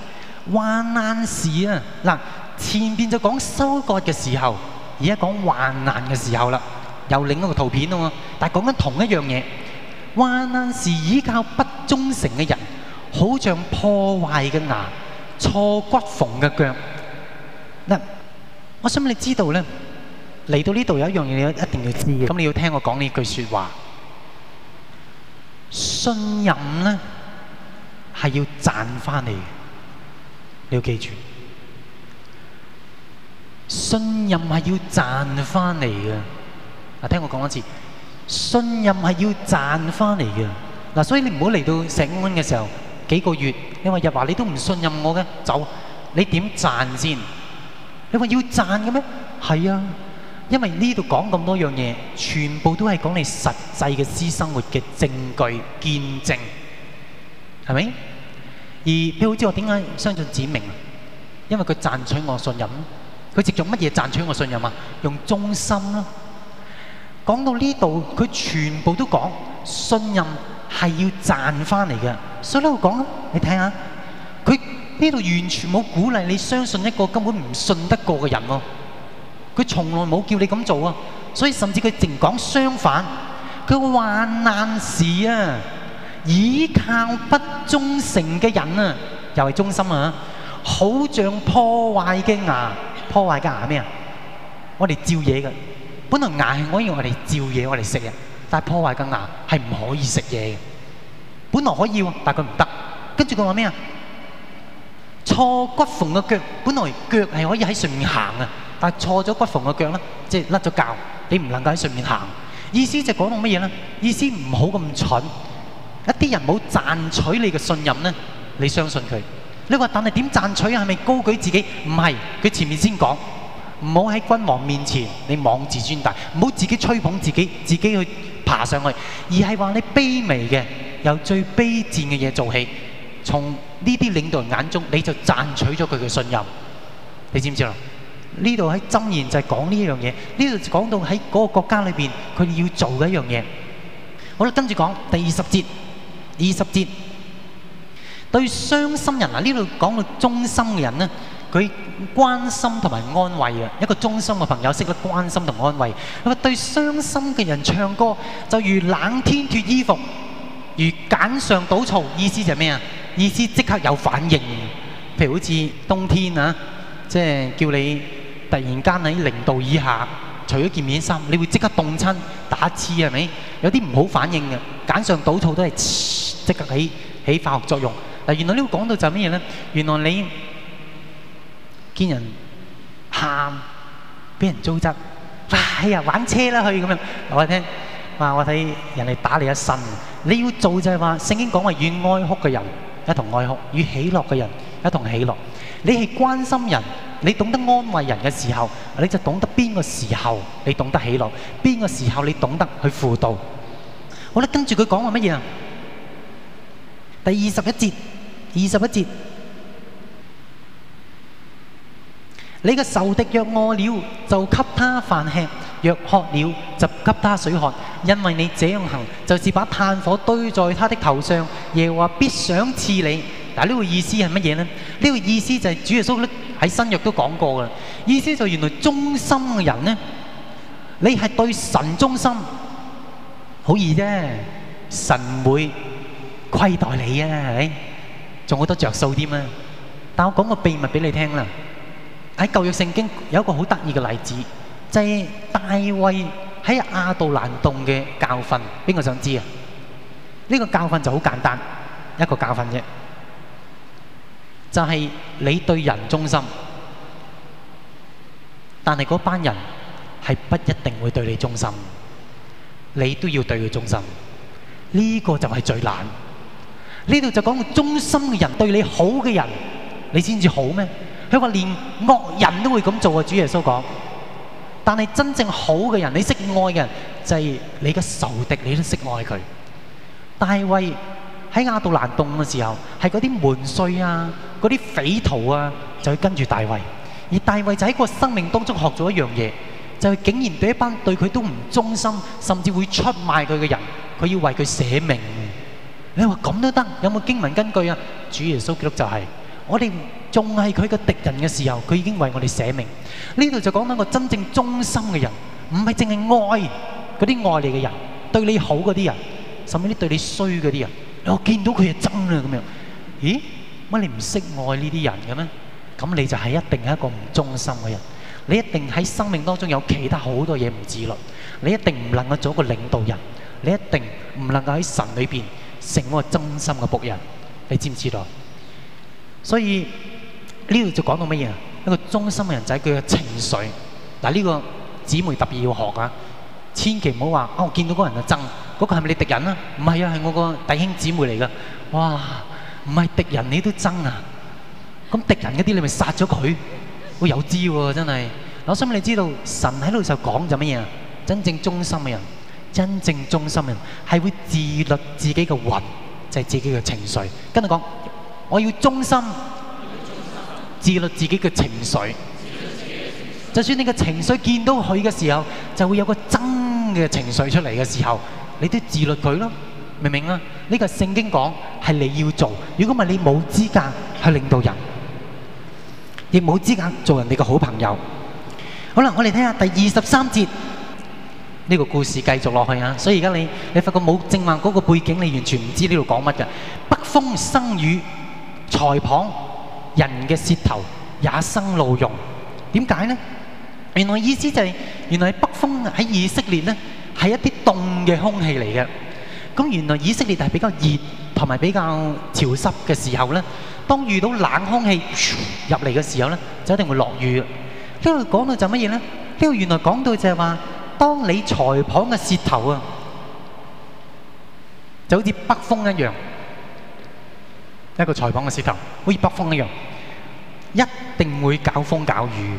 患難時啊，嗱，前面就講收割嘅時候，而家講患難嘅時候啦。又另一個圖片喎，但係講緊同一樣嘢。患難時依靠不忠誠嘅人。好像破壞嘅牙，錯骨縫嘅腳。嗱，我想你知道呢，嚟到呢度有一樣嘢，你一定要知嘅。咁你要聽我講呢句說話，信任呢係要賺翻嚟嘅，你要記住，信任係要賺翻嚟嘅。啊，聽我講多次，信任係要賺翻嚟嘅。嗱，所以你唔好嚟到石安嘅時候。幾個月，你話日華你都唔信任我嘅，走你點賺先？你話要賺嘅咩？係啊，因為呢度講咁多樣嘢，全部都係講你實際嘅私生活嘅證據、見證，係咪？而你好知我點解相信子明？啊？因為佢賺取我信任，佢藉著乜嘢賺取我信任啊？用忠心咯、啊。講到呢度，佢全部都講信任。係要賺翻嚟嘅，所以咧我講啊，你睇下，佢呢度完全冇鼓勵你相信一個根本唔信得過嘅人喎，啊，佢從來冇叫你咁做啊，所以甚至佢淨講相反，佢患難時啊，倚靠不忠誠嘅人啊，又係忠心啊，好像破壞嘅牙，破壞嘅牙咩啊？我哋照嘢嘅，本來牙係可以用我哋照嘢，我哋食但破壞嘅牙，係唔可以食嘢嘅。本來可以喎，但佢唔得。跟住佢話咩啊？錯骨縫嘅腳，本來腳係可以喺上面行嘅，但錯咗骨縫嘅腳咧，即係甩咗臼，你唔能夠喺上面行。意思就講到乜嘢咧？意思唔好咁蠢。一啲人冇賺取你嘅信任咧，你相信佢？你話但係點賺取啊？係咪高舉自己？唔係，佢前面先講。唔好喺君王面前，你妄自尊大，唔好自己吹捧自己，自己去爬上去，而係話你卑微嘅，由最卑賤嘅嘢做起，從呢啲領導人眼中，你就賺取咗佢嘅信任。你知唔知啊？呢度喺箴言就係講呢一樣嘢，呢度講到喺嗰個國家裏邊，佢要做嘅一樣嘢。好啦，跟住講第二十節，二十節，對傷心人啊，呢度講到忠心嘅人咧。佢關心同埋安慰啊！一個忠心嘅朋友識得關心同安慰。佢話對傷心嘅人唱歌，就如冷天脫衣服，如鹼上倒醋。意思就係咩啊？意思即刻有反應。譬如好似冬天啊，即係叫你突然間喺零度以下，除咗件面衫，你會即刻凍親打刺係咪？有啲唔好反應嘅鹼上倒醋都係即刻起起化學作用。嗱，原來呢個講到就係咩咧？原來你。見人喊，俾人糟質，哇！哎呀，玩車啦去咁樣，我聽，哇！我睇人哋打你一身，你要做就係話聖經講話與哀哭嘅人一同哀哭，與喜樂嘅人一同喜樂。你係關心人，你懂得安慰人嘅時候，你就懂得邊個時候你懂得喜樂，邊個時候你懂得去輔導。好啦，跟住佢講話乜嘢啊？第二十一節，二十一節。你嘅仇敵若餓了，就給他飯吃；若渴了，就給他水喝。因為你這樣行，就是把炭火堆在他的頭上。耶和華必賞賜你。但係呢個意思係乜嘢呢？呢、這個意思就係主耶穌喺新約都講過嘅。意思就是原來忠心嘅人呢，你係對神忠心，好易啫、啊，神會虧待你啊，係、哎、咪？仲好多着數添啊！但我講個秘密俾你聽啦。喺舊約聖經有一個好得意嘅例子，就係大衛喺亞杜蘭洞嘅教訓。邊個想知啊？呢個教訓就好簡單，一個教訓啫，就係你對人忠心，但係嗰班人係不一定會對你忠心，你都要對佢忠心。呢個就係最難。呢度就講到忠心嘅人對你好嘅人，你先至好咩？佢話，仲係佢嘅敵人嘅時候，佢已經為我哋寫明。呢度就講緊個真正忠心嘅人，唔係淨係愛嗰啲愛你嘅人，對你好嗰啲人，甚至啲對你衰嗰啲人，我見到佢就憎啊咁樣。咦？乜你唔識愛呢啲人嘅咩？咁你就係一定係一個唔忠心嘅人。你一定喺生命當中有其他好多嘢，唔自律，你一定唔能夠做一個領導人，你一定唔能夠喺神裏邊成為一個真心嘅僕人。你知唔知道？所以。呢度就講到乜嘢啊？一個忠心嘅人就係佢嘅情緒，嗱呢個姊妹特別要學啊！千祈唔好話，我、哦、見到嗰人就憎。嗰個係咪你敵人啊？唔係啊，係我個弟兄姊妹嚟噶。哇，唔係敵人你都憎啊？咁敵人嗰啲你咪殺咗佢，好有知喎、啊！真係，我想畀你知道神喺度就講就乜嘢啊？真正忠心嘅人，真正忠心嘅人係會自律自己嘅魂，就係自己嘅情緒。跟住講，我要忠心。自律自己嘅情緒，自自的情緒就算你嘅情緒見到佢嘅時候，就會有個真嘅情緒出嚟嘅時候，你都自律佢咯，明唔明啊？呢、呢個聖經講係你要做，如果唔係你冇資格去領導人，亦冇資格做人哋嘅好朋友。好啦，我哋睇下第二十三節呢個故事繼續落去啊。所以而家你你發覺冇正話嗰個背景，你完全唔知呢度講乜嘅。北風、生雨，讒謗。人嘅舌頭也生怒容，點解咧？原來意思就係原來北風喺以色列咧係一啲凍嘅空氣嚟嘅，咁原來以色列係比較熱同埋比較潮濕嘅時候咧，當遇到冷空氣入嚟嘅時候咧，就一定會落雨。呢個講到就乜嘢咧？呢個原來講到就係話，當你讒謗嘅舌頭啊，就好似北風一樣。一個讒謗嘅舌頭，好似北方一樣，一定會搞風搞雨，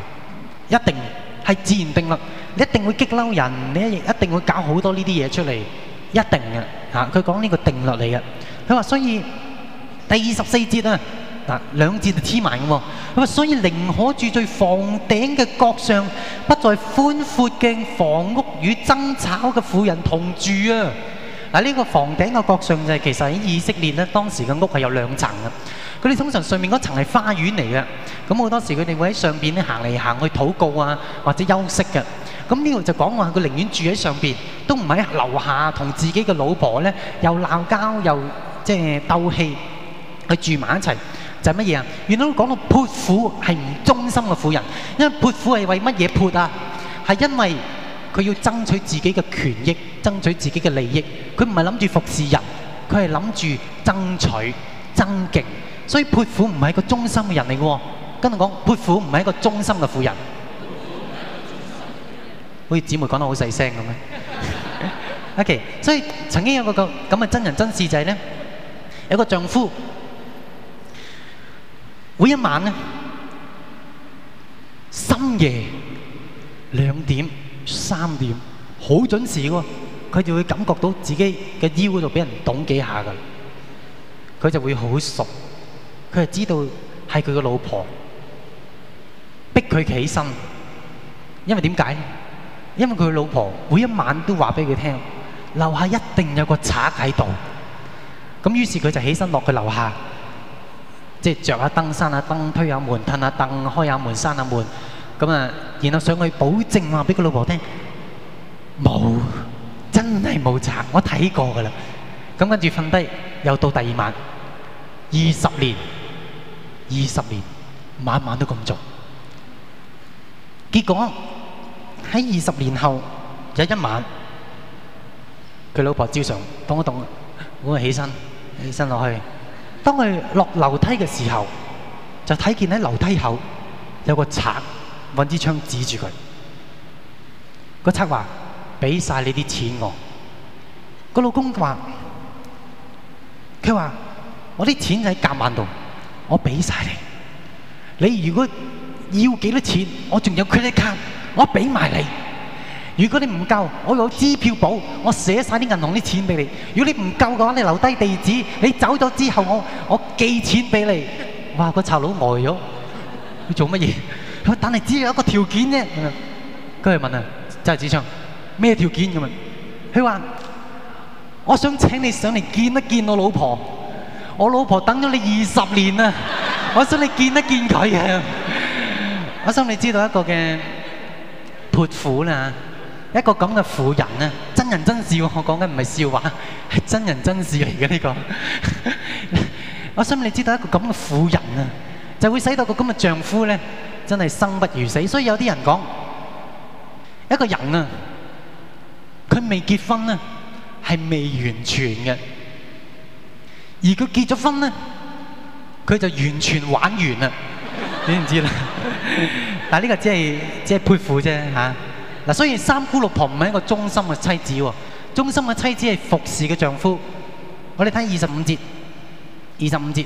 一定係自然定律，你一定會激嬲人，你一定會搞好多呢啲嘢出嚟，一定嘅嚇。佢講呢個定律嚟嘅，佢話所以第二十四節啊，嗱、啊、兩節就黐埋嘅喎。佢話所以寧可住在房頂嘅角上，不在寬闊嘅房屋與爭吵嘅婦人同住啊。嗱，呢個房頂嘅角上就係其實喺以色列咧，當時嘅屋係有兩層嘅，佢哋通常上面嗰層係花園嚟嘅，咁好多時佢哋會喺上邊咧行嚟行去禱告啊，或者休息嘅。咁呢度就講話佢寧願住喺上邊，都唔喺樓下同自己嘅老婆咧又鬧交又即係、呃、鬥氣去住埋一齊，就係乜嘢啊？原來講到潑婦係唔忠心嘅婦人，因為潑婦係為乜嘢潑啊？係因為佢要爭取自己嘅權益，爭取自己嘅利益。佢唔係諗住服侍人，佢係諗住爭取、爭競。所以潑婦唔係一個忠心嘅人嚟嘅。跟住講，潑婦唔係一個忠心嘅婦人。好似姊妹講得好細聲咁咧。OK，所以曾經有個個咁嘅真人真事就係咧，有個丈夫，每一晚咧，深夜兩點。三點好準時喎，佢就會感覺到自己嘅腰嗰度俾人揼幾下噶，佢就會好熟，佢就知道係佢嘅老婆逼佢起身，因為點解咧？因為佢老婆每一晚都話俾佢聽，樓下一定有個賊喺度，咁於是佢就起身落去樓下，即係著下燈，閂下燈，推下門，褪下燈，開下門，閂下門。然後上去保證話俾佢老婆聽，冇，真係冇賊，我睇過噶啦。咁跟住瞓低，又到第二晚，二十年，二十年，晚晚都咁做。結果喺二十年後有一晚，佢老婆照常動一動，咁起身，起身落去。當佢落樓梯嘅時候，就睇見喺樓梯口有個賊。揾支槍指住佢，個賊話：俾晒你啲錢我。個老公話：佢話我啲錢喺夾萬度，我俾晒你。你如果要幾多錢，我仲有 credit card，我俾埋你。如果你唔夠，我有支票簿，我寫晒啲銀行啲錢俾你。如果你唔夠嘅話，你留低地址，你走咗之後，我我寄錢俾你。哇！個賊佬呆咗，佢做乜嘢？佢但係只有一個條件啫，佢係問啊，周子聰咩條件咁啊？佢話：我想請你上嚟見一見我老婆，我老婆等咗你二十年啊！ <laughs> 我想你見一見佢啊！我想你知道一個嘅潑婦啊，一個咁嘅婦人啊，真人真事喎！我講緊唔係笑話，係真人真事嚟嘅呢個。 <laughs> 我想你知道一個咁嘅婦人啊，就會使到個咁嘅丈夫咧。真係生不如死，所以有啲人講：一個人啊，佢未結婚呢係未完全嘅，而佢結咗婚呢，佢就完全玩完啦， <laughs> 你唔知啦。 <laughs> 但係呢個只係只係佩服啫。嗱，所以三姑六婆唔係一個忠心嘅妻子喎，忠心嘅妻子係服侍嘅丈夫。我哋睇二十五節，二十五節。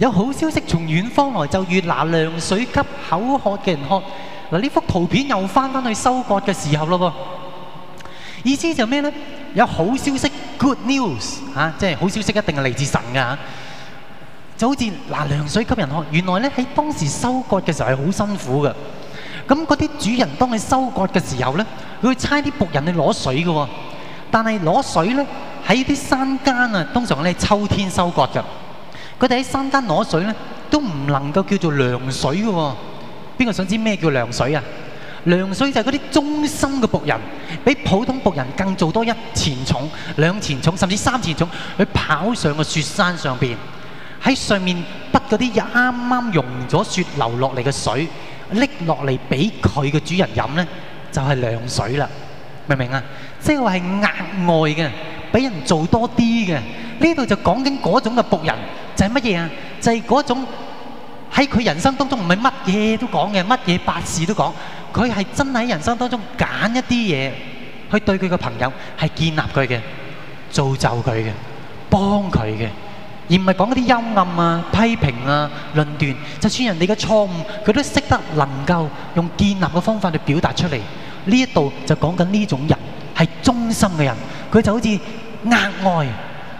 有好消息從遠方來，就如拿涼水給口渴嘅人喝。嗱，呢幅圖片又翻翻去收割嘅時候咯噃，意思就係咩咧？有好消息，good news，嚇、啊，即係好消息一定係嚟自神嘅嚇、啊。就好似拿涼水給人喝，原來咧喺當時收割嘅時候係好辛苦嘅。咁嗰啲主人當你收割嘅時候咧，佢會差啲僕人去攞水嘅。但係攞水咧喺啲山間啊，通常咧秋天收割嘅。佢哋喺山間攞水咧，都唔能夠叫做涼水嘅喎、哦。邊個想知咩叫涼水啊？涼水就係嗰啲忠心嘅僕人，比普通僕人更做多一錢重、兩錢重，甚至三錢重去跑上個雪山上邊，喺上面揼嗰啲啱啱溶咗雪流落嚟嘅水，拎落嚟俾佢嘅主人飲咧，就係、是、涼水啦。明唔明啊？即係話係額外嘅，俾人做多啲嘅。呢度就講緊嗰種嘅僕人，就係乜嘢啊？就係、是、嗰種喺佢人生當中唔係乜嘢都講嘅，乜嘢百事都講。佢係真係喺人生當中揀一啲嘢去對佢嘅朋友，係建立佢嘅、造就佢嘅、幫佢嘅，而唔係講嗰啲陰暗啊、批評啊、論斷。就算人哋嘅錯誤，佢都識得能夠用建立嘅方法去表達出嚟。呢一度就講緊呢種人係忠心嘅人，佢就好似額外。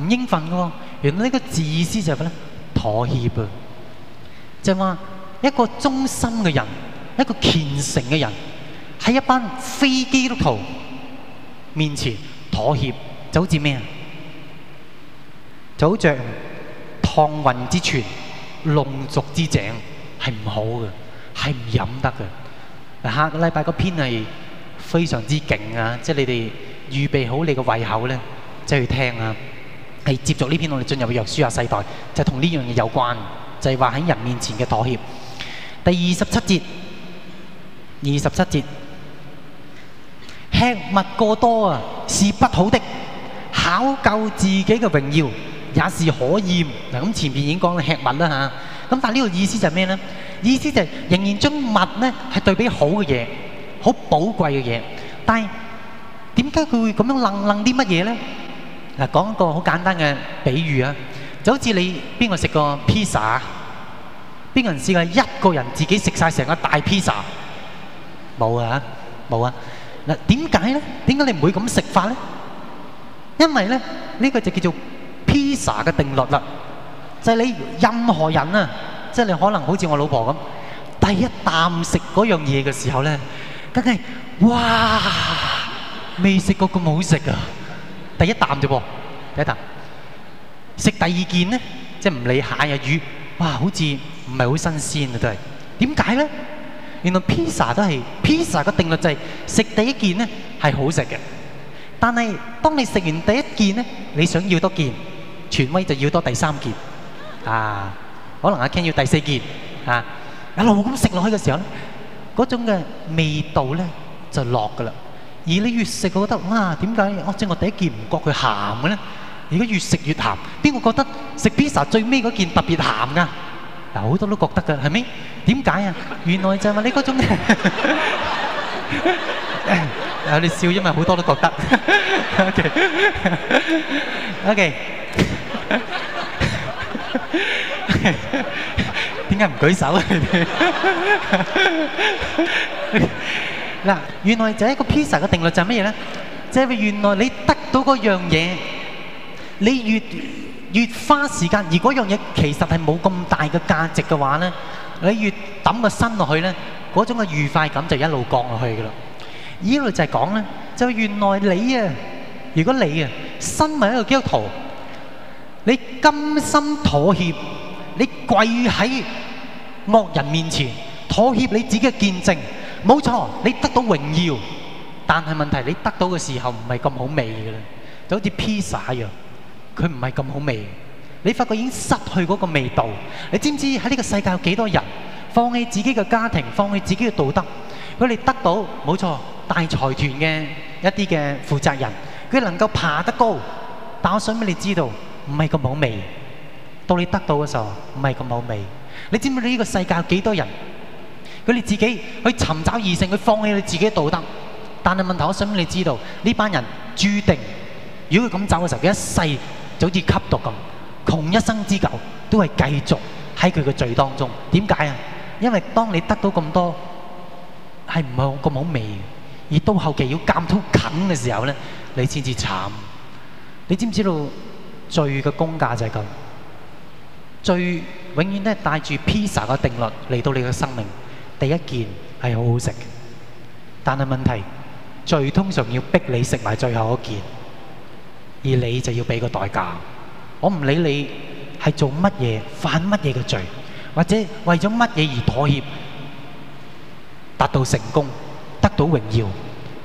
唔應份噶喎，原來呢個自私就係咩？妥協啊，就係話一個忠心嘅人，一個虔誠嘅人喺一班非基督徒面前妥協，就好似咩啊？就好像淌渾之泉、弄濁之井，係唔好嘅，係唔飲得嘅。下個禮拜個篇係非常之勁啊，即係你哋預備好你個胃口呢，就係去聽啊！係。嗱，講一個好簡單嘅比喻啊，就好似你邊個食個披薩，邊個人試過一個人自己食晒成個大披薩？冇啊，冇啊！嗱，點解咧？點解你唔會咁食法咧？因為咧，呢個就叫做披薩嘅定律啦。就係你任何人啊，即係你可能好似我老婆咁，第一啖食嗰樣嘢嘅時候咧，梗係哇，未食過咁好食啊！第一啖啫噃，第一啖食第二件咧，即係唔理蟹啊魚，哇，好似唔係好新鮮啊都係，點解咧？原來披薩都係披薩個定律就係食第一件咧係好食嘅，但係當你食完第一件咧，你想要多件，全威就要多第三件啊，可能阿 Ken 要第四件啊，一路咁食落去嘅時候咧，嗰種嘅味道咧就落㗎啦。而你越食，覺得，哇，點解？我正我第一件唔覺佢鹹嘅咧，如果越食越鹹，邊個覺得食 pizza 最尾嗰件特別鹹㗎？嗱，好多都覺得㗎，係咪？點解啊？原來就係話你嗰種嘅。有你笑，因為好多都覺得。OK，OK，點解唔舉手啊？你哋？SUS wings hania? hania 嗱，原來就係一個披薩嘅定律就，就係乜嘢咧？即係原來你得到嗰樣嘢，你越越花時間；而嗰樣嘢其實係冇咁大嘅價值嘅話咧，你越抌個身落去咧，嗰種嘅愉快感就一路降落去嘅啦。呢度就係講咧，就原來你啊，如果你啊，身為一個基督徒，你甘心妥協，你跪喺惡人面前妥協你自己嘅見證。冇錯，你得到榮耀，但係問題你得到嘅時候唔係咁好味嘅啦，就好似披薩一樣，佢唔係咁好味。你發覺已經失去嗰個味道。你知唔知喺呢個世界有幾多人放棄自己嘅家庭，放棄自己嘅道德？佢哋得到冇錯，大財團嘅一啲嘅負責人，佢能夠爬得高，但我想俾你知道，唔係咁好味。到你得到嘅時候，唔係咁好味。你知唔知呢個世界有幾多人？佢哋自己去尋找異性，佢放棄咗自己嘅道德，但係問題，我想你知道呢班人註定，如果佢咁走嘅時候，佢一世就好似吸毒咁，窮一生之久都係繼續喺佢嘅罪當中。點解啊？因為當你得到咁多係唔係咁好味，而到後期要監督近嘅時候咧，你先至慘。你知唔知道罪嘅公價就係咁？罪永遠都係帶住披薩嘅定律嚟到你嘅生命。第一件係好好食嘅，但係問題，罪通常要逼你食埋最後一件，而你就要畀個代價。我唔理你係做乜嘢、犯乜嘢嘅罪，或者為咗乜嘢而妥協，達到成功、得到榮耀。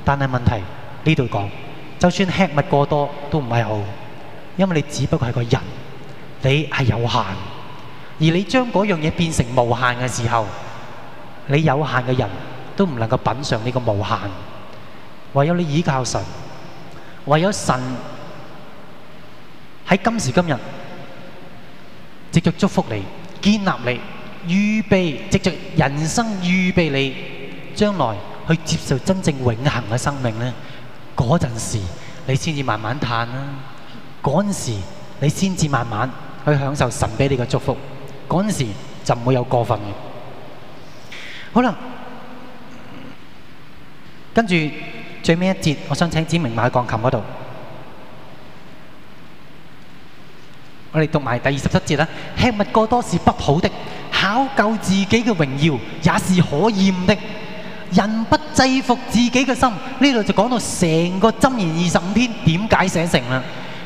但係問題呢度講，就算吃蜜過多都唔係好，因為你只不過係個人，你係有限，而你將嗰樣嘢變成無限嘅時候。你有限嘅人都唔能夠品嘗呢個無限，唯有你倚靠神，唯有神喺今時今日藉着祝福你、建立你、預備，藉着人生預備你，將來去接受真正永恒嘅生命咧，嗰陣時你先至慢慢嘆啦、啊，嗰陣時你先至慢慢去享受神俾你嘅祝福，嗰陣時就唔會有過分嘅。好啦，跟住最尾一節，我想請子明埋喺鋼琴嗰度，我哋讀埋第二十七節啦。吃物過多是不好的，考究自己嘅榮耀也是可厭的。人不制服自己嘅心，呢度就講到成個《箴言》二十五篇點解寫成啦。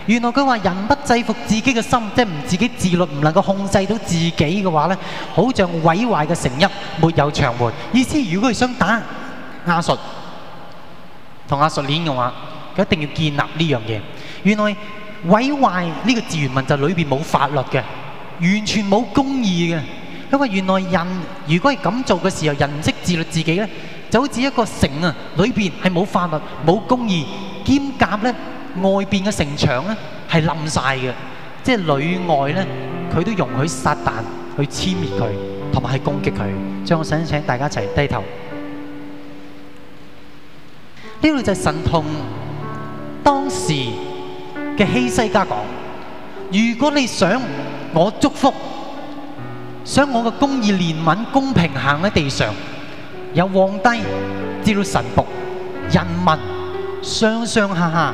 原來佢話人不制服自己嘅心，即係唔自己自律，唔能夠控制到自己嘅話咧，好像毀壞嘅城邑，沒有牆垣。意思如果佢想打亞述同亞述連嘅話，佢一定要建立呢樣嘢。原來毀壞呢個字原文就裏邊冇法律嘅，完全冇公義嘅。因為原來人如果係咁做嘅時候，人唔識自律自己咧，就好似一個城啊，裏邊係冇法律、冇公義、兼夾咧。外邊嘅城牆咧係冧晒嘅，即係裏外咧佢都容許撒但去殲滅佢，同埋去攻擊佢。將我想請大家一齊低頭。呢度 <music> 就係神同當時嘅希西家講：如果你想我祝福，想我嘅公義憐憫公平行喺地上，由皇帝至到神僕，人民上上下下。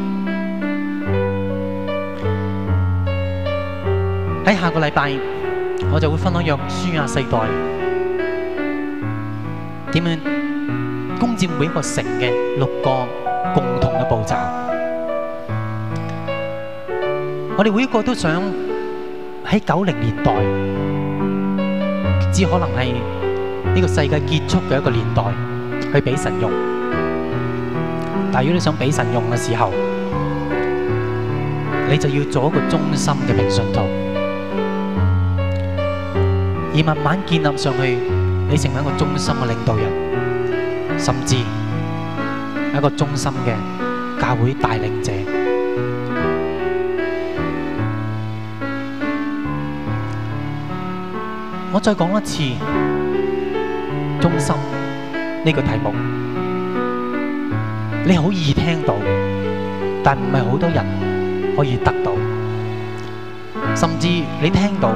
喺下個禮拜，我就會分享《約書亞世代》點樣攻佔每一個城嘅六個共同嘅步驟。我哋每個都想喺九零年代，只可能係呢個世界結束嘅一個年代去俾神用。但係如果你想俾神用嘅時候，你就要做一個忠心嘅平信徒。而慢慢建立上去，你成為一個忠心嘅領導人，甚至一個忠心嘅教會帶領者。我再講一次，忠心呢個題目，你好易聽到，但唔係好多人可以得到，甚至你聽到。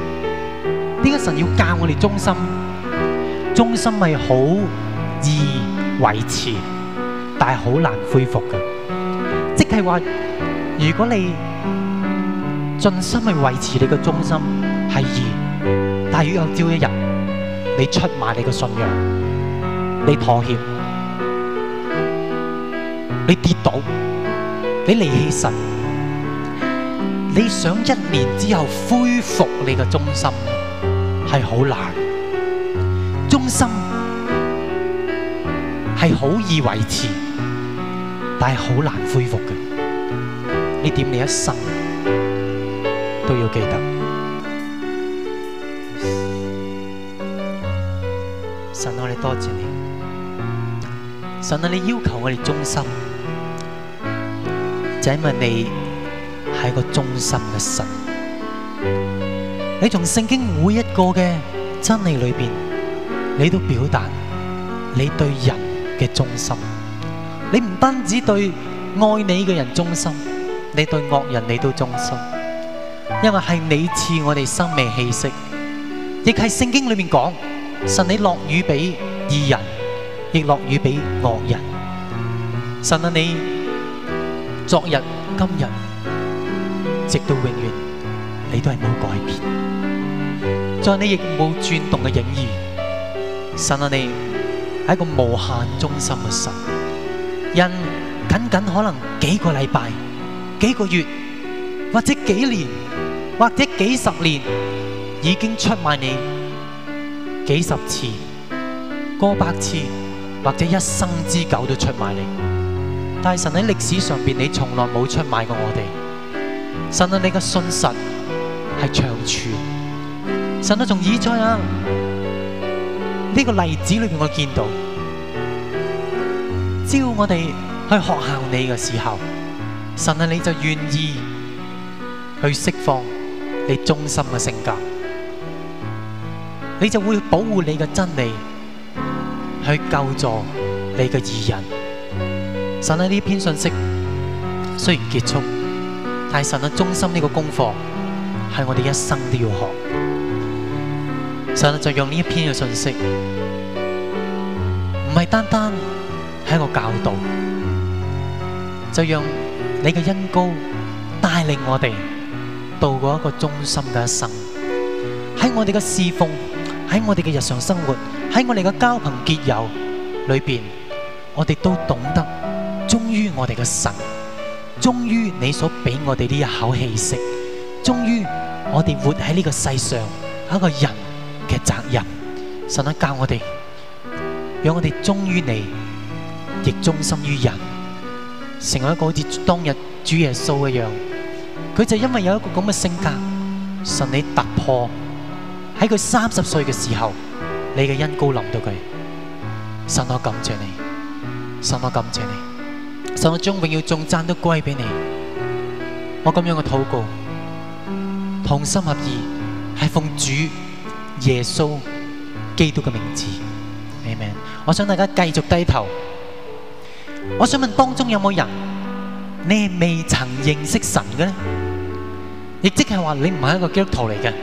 點解神要教我哋忠心？忠心係好易維持，但係好難恢復嘅。即係話，如果你盡心去維持你嘅忠心係易，但係如果有朝一日你出賣你嘅信仰，你妥協，你跌倒，你離棄神，你想一年之後恢復你嘅忠心？係好難的，忠心係好易維持，但係好難恢復嘅。呢點你一生都要記得。神，我哋多謝你，神啊，你要求我哋忠心，就是因為你係一個忠心嘅神。你從聖經每一個嘅真理裏邊，你都表達你對人嘅忠心。你唔單止對愛你嘅人忠心，你對惡人你都忠心。因為係你賜我哋生命氣息，亦係聖經裏面講，神你落雨俾義人，亦落雨俾惡人。神啊，你昨日、今日，直到永遠，你都係冇改變。在你亦冇轉動嘅影兒，神啊，你係一個無限忠心嘅神。人僅僅可能幾個禮拜、幾個月，或者幾年，或者幾十年，已經出賣你幾十次、過百次，或者一生之久都出賣你。但係神喺歷史上邊，你從來冇出賣過我哋。神啊，你嘅信實係長存。神都仲以在啊！呢、啊，這個例子裏邊，我見到只要我哋去學校你嘅時候，神啊，你就願意去釋放你忠心嘅性格，你就會保護你嘅真理，去救助你嘅異人。神喺、啊、呢篇信息雖然結束，但係神喺、啊、忠心呢個功課，係我哋一生都要學。就用呢一篇嘅信息，唔係單單係一個教導，就用你嘅恩膏帶領我哋度過一個忠心嘅一生。喺我哋嘅侍奉，喺我哋嘅日常生活，喺我哋嘅交朋結友裏邊，我哋都懂得忠於我哋嘅神，忠於你所俾我哋呢一口氣息，忠於我哋活喺呢個世上，一個人嘅責任，神啊教我哋，讓我哋忠於你，亦忠心於人，成為一個好似當日主耶穌一樣。佢就因為有一個咁嘅性格，神你突破喺佢三十歲嘅時候，你嘅恩膏臨到佢。神我感謝你，神我感謝你，神我將永遠頌讚都歸俾你。我咁樣嘅禱告，同心合意，係奉主。耶穌基督嘅名字，阿們，我想大家繼續低頭。我想問，當中有冇人，你未曾認識神嘅咧？亦即係話你唔係一個基督徒嚟嘅，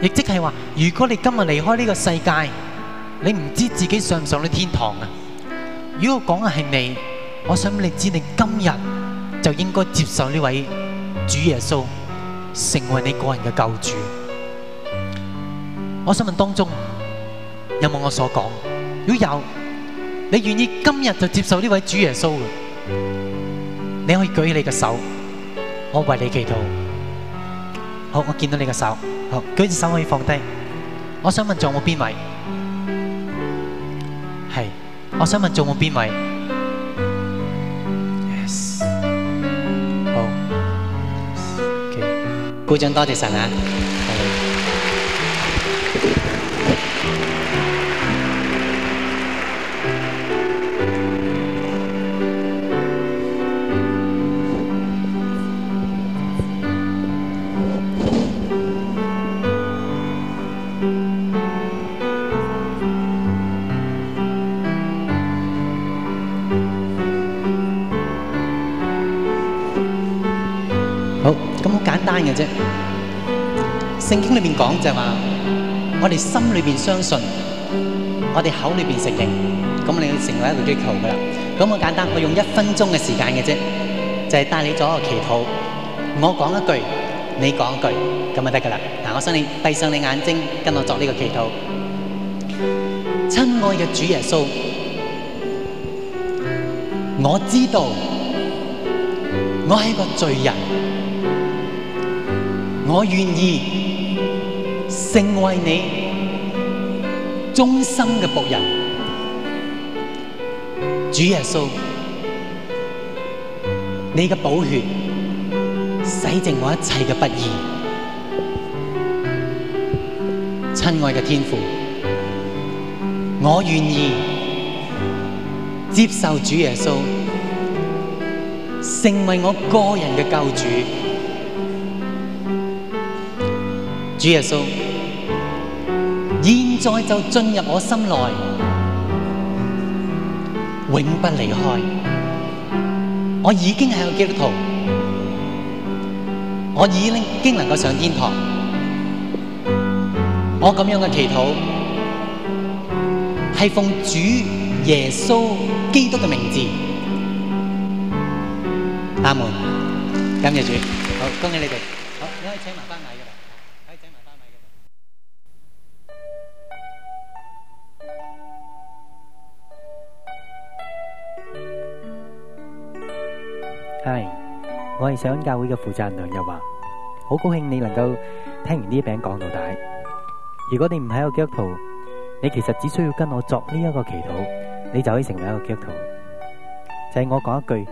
亦即係話，如果你今日離開呢個世界，你唔知自己上唔上到天堂啊？如果講嘅係你，我想你知你今日就應該接受呢位主耶穌，成為你個人嘅救主。我想問當中有冇我所講？如果有，你願意今日就接受呢位主耶穌嘅？你可以舉起你嘅手，我為你祈禱。好，我見到你嘅手，好，舉隻手可以放低。我想問仲有冇邊位？係，我想問仲有冇邊位？Yes，好，OK，鼓掌多謝神啊！聖經裏邊講就係話，我哋心裏邊相信，我哋口裏邊承認，咁你要成為一個基督徒噶啦。咁我簡單，我用一分鐘嘅時間嘅啫，就係帶你做一個祈禱。我講一句，你講一句，咁咪得噶啦。嗱，我想你閉上你眼睛，跟我作呢個祈禱。親愛嘅主耶穌，我知道我係個罪人，我願意。成為你忠心嘅僕人，主耶穌，你嘅寶血洗淨我一切嘅不義。親愛嘅天父，我願意接受主耶穌，成為我個人嘅救主，主耶穌。現在就進入我心內，永不離開。我已經係個基督徒，我已經能夠上天堂。我咁樣嘅祈禱係奉主耶穌基督嘅名字。阿門。感謝主，好恭喜你哋。好，你可以請埋翻嚟。我係上恩教會嘅負責人梁日華，好高興你能夠聽完呢一篇講到大。如果你唔喺個基督徒，你其實只需要跟我作呢一個祈禱，你就可以成為一個基督徒。就係、是、我講一句，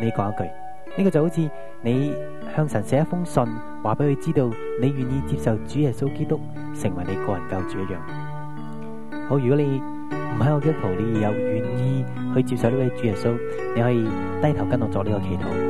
你講一句，呢、這個就好似你向神寫一封信，話俾佢知道你願意接受主耶穌基督成為你個人救主一樣。好，如果你唔喺個基督徒，你又願意去接受呢位主耶穌，你可以低頭跟我作呢個祈禱。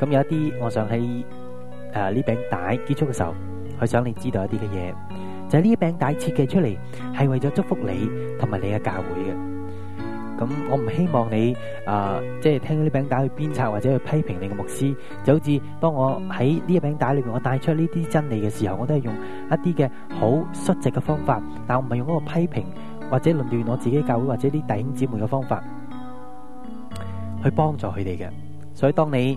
咁有一啲，我想喺誒呢餅帶結束嘅時候，佢想你知道一啲嘅嘢，就係、是、呢餅帶設計出嚟係為咗祝福你同埋你嘅教會嘅。咁我唔希望你誒、呃，即係聽到呢餅帶去鞭策或者去批評你嘅牧師。就好似當我喺呢餅帶裏面，我帶出呢啲真理嘅時候，我都係用一啲嘅好率直嘅方法，但我唔係用嗰個批評或者論斷我自己教會或者啲弟兄姊妹嘅方法去幫助佢哋嘅。所以當你